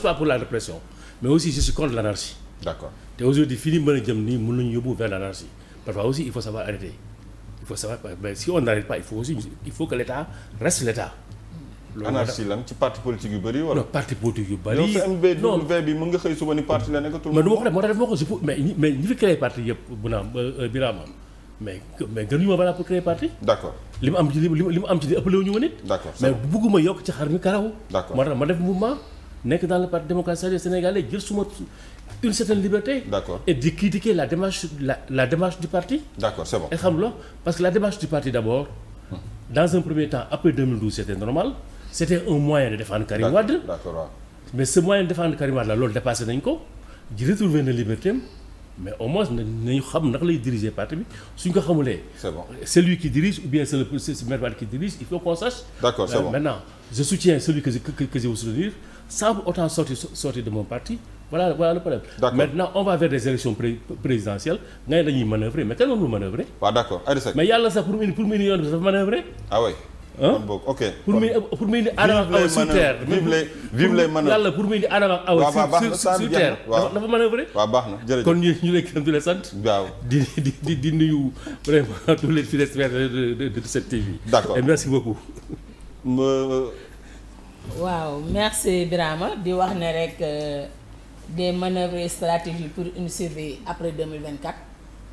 pas pour la répression mais aussi je suis contre l'anarchie. d'accord te aujourd'hui fi ñu mën a jëm nii mun nañu yóbbu vers l'anarchie parfois aussi il faut savoir arrêter il faut savoir mais si on n'arrête pas il faut que l'État reste l'État. loolu anarchie lan ci parti politique yu bëri wala. non parti politique yu bëri. non yow bi mën nga xëy suba ni parti la nekkatul. man du ma ko def moo tax def ma ko suppu mais mais ñi fi créé parti yëpp bu naam euh, euh, Birame am mais mais gënuñu ma balaa pour créer parti. d' accord li mu am ci li mu am ci di ëppale wu ñu ma nit. d' accord mais bugguma yokk ci xar mi karaw. d' accord moo tax ma def mouvement nekk dans le parti démocratique sérieux sénégalais jël suma une certaine liberté. d' accord et di critiquer la démarche la la démarche du parti. d' accord c' est bon et xam nga parce que la démarche du parti d' abord. dans un premier temps après 2012 c' était normal. c'était un moyen de défendre Karim Wade mais ce moyen de défendre Karim Wade la loolu dépassé nañ ko ji retrouver liberté am mais au moins nañu xam naka lay diriger parti bi suñ ko xamulee. c'est bon c'est le c'est Maître Wade qui dirige il faut qu'on c'est euh, bon soutenir sans autant sortir sortir de mon parti voilà voilà le problème. d'accord maintenant on va vers des élections pré présidentielles ngay dañuy manœuvrer mais kenn mënul manœuvrer. waaw d'accord mais yàlla sax pour mu pour mu union ok pour muy pour muy indi Adama sur terre. vive les vive les manœuvres yàlla pour muy indi Adama ak Awa. waaw sur sur terre dafa waaw baax na jërëjëf kon ñu ñu lay gërëm di la sant. waaw di di di di nuyu vraiment tous les fidèles de de de cette TV. d'accord et merci beaucoup. waaw merci Birama di wax ne rek euh, des manœuvres stratégiques pour une survie après 2024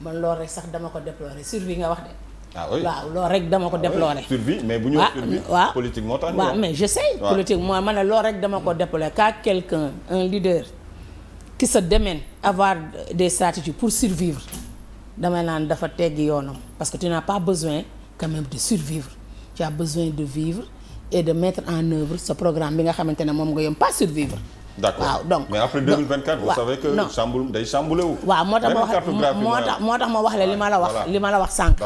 man loolu rek sax dama ko déplorer survie nga wax de. ah oui waaw loolu rek dama ko ah déplorer. survie mais bu ñu ah, survie waaw politique moo tax. waaw mais je sais. politique mooy rek dama ko mm. déplorer quand quelqu'un un leader qui se démène avoir des stratégies pour survivre damay naan dafa teggi yoonam parce que tu n'as pas besoin quand même de survivre tu besoin de vivre et de mettre en œuvre sa programme bi nga xamante ne moom nga yem pas survivre. d'accord waaw donc mais après 2024 vous savez que chamboule day waaw moo tax ma wax moo tax ma wax la li ma la wax li ma la wax sànq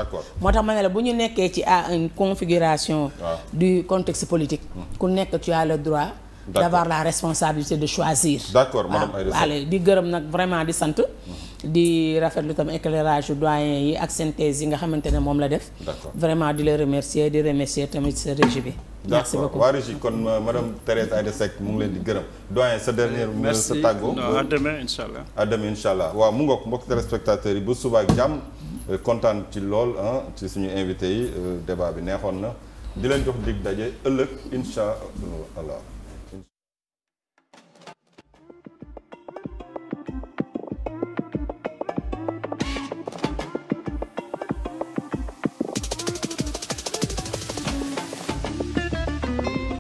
moo tax ma ne la bu ñu nekkee ci à une configuration du contexte politique hmm. ku nekk tu as le droit d'avoir la responsabilité de choisir d'accord madame ah, Aïda Allez di gërëm nag vraiment di sant hmm. di rafet rafetlu tam éclairage yu doyen yi ak synthèse yi nga xamante ne moom la def. vraiment di la remercier di remercier tamit sa régie bi. merci beaucoup waa régie kon euh, madame Thérèse Aïda Seck mu ngi leen di gërëm. doyen sa dernier euh, mu sa tàggoo merci à incha allah. à demain incha allah waaw mu ngoog mbokk téléspectateurs yi ba subaak ak jàmm euh, kontaan ci lool ci suñu invité yi débat bi neexoon na di leen jox dig daje ëllëg incha allah.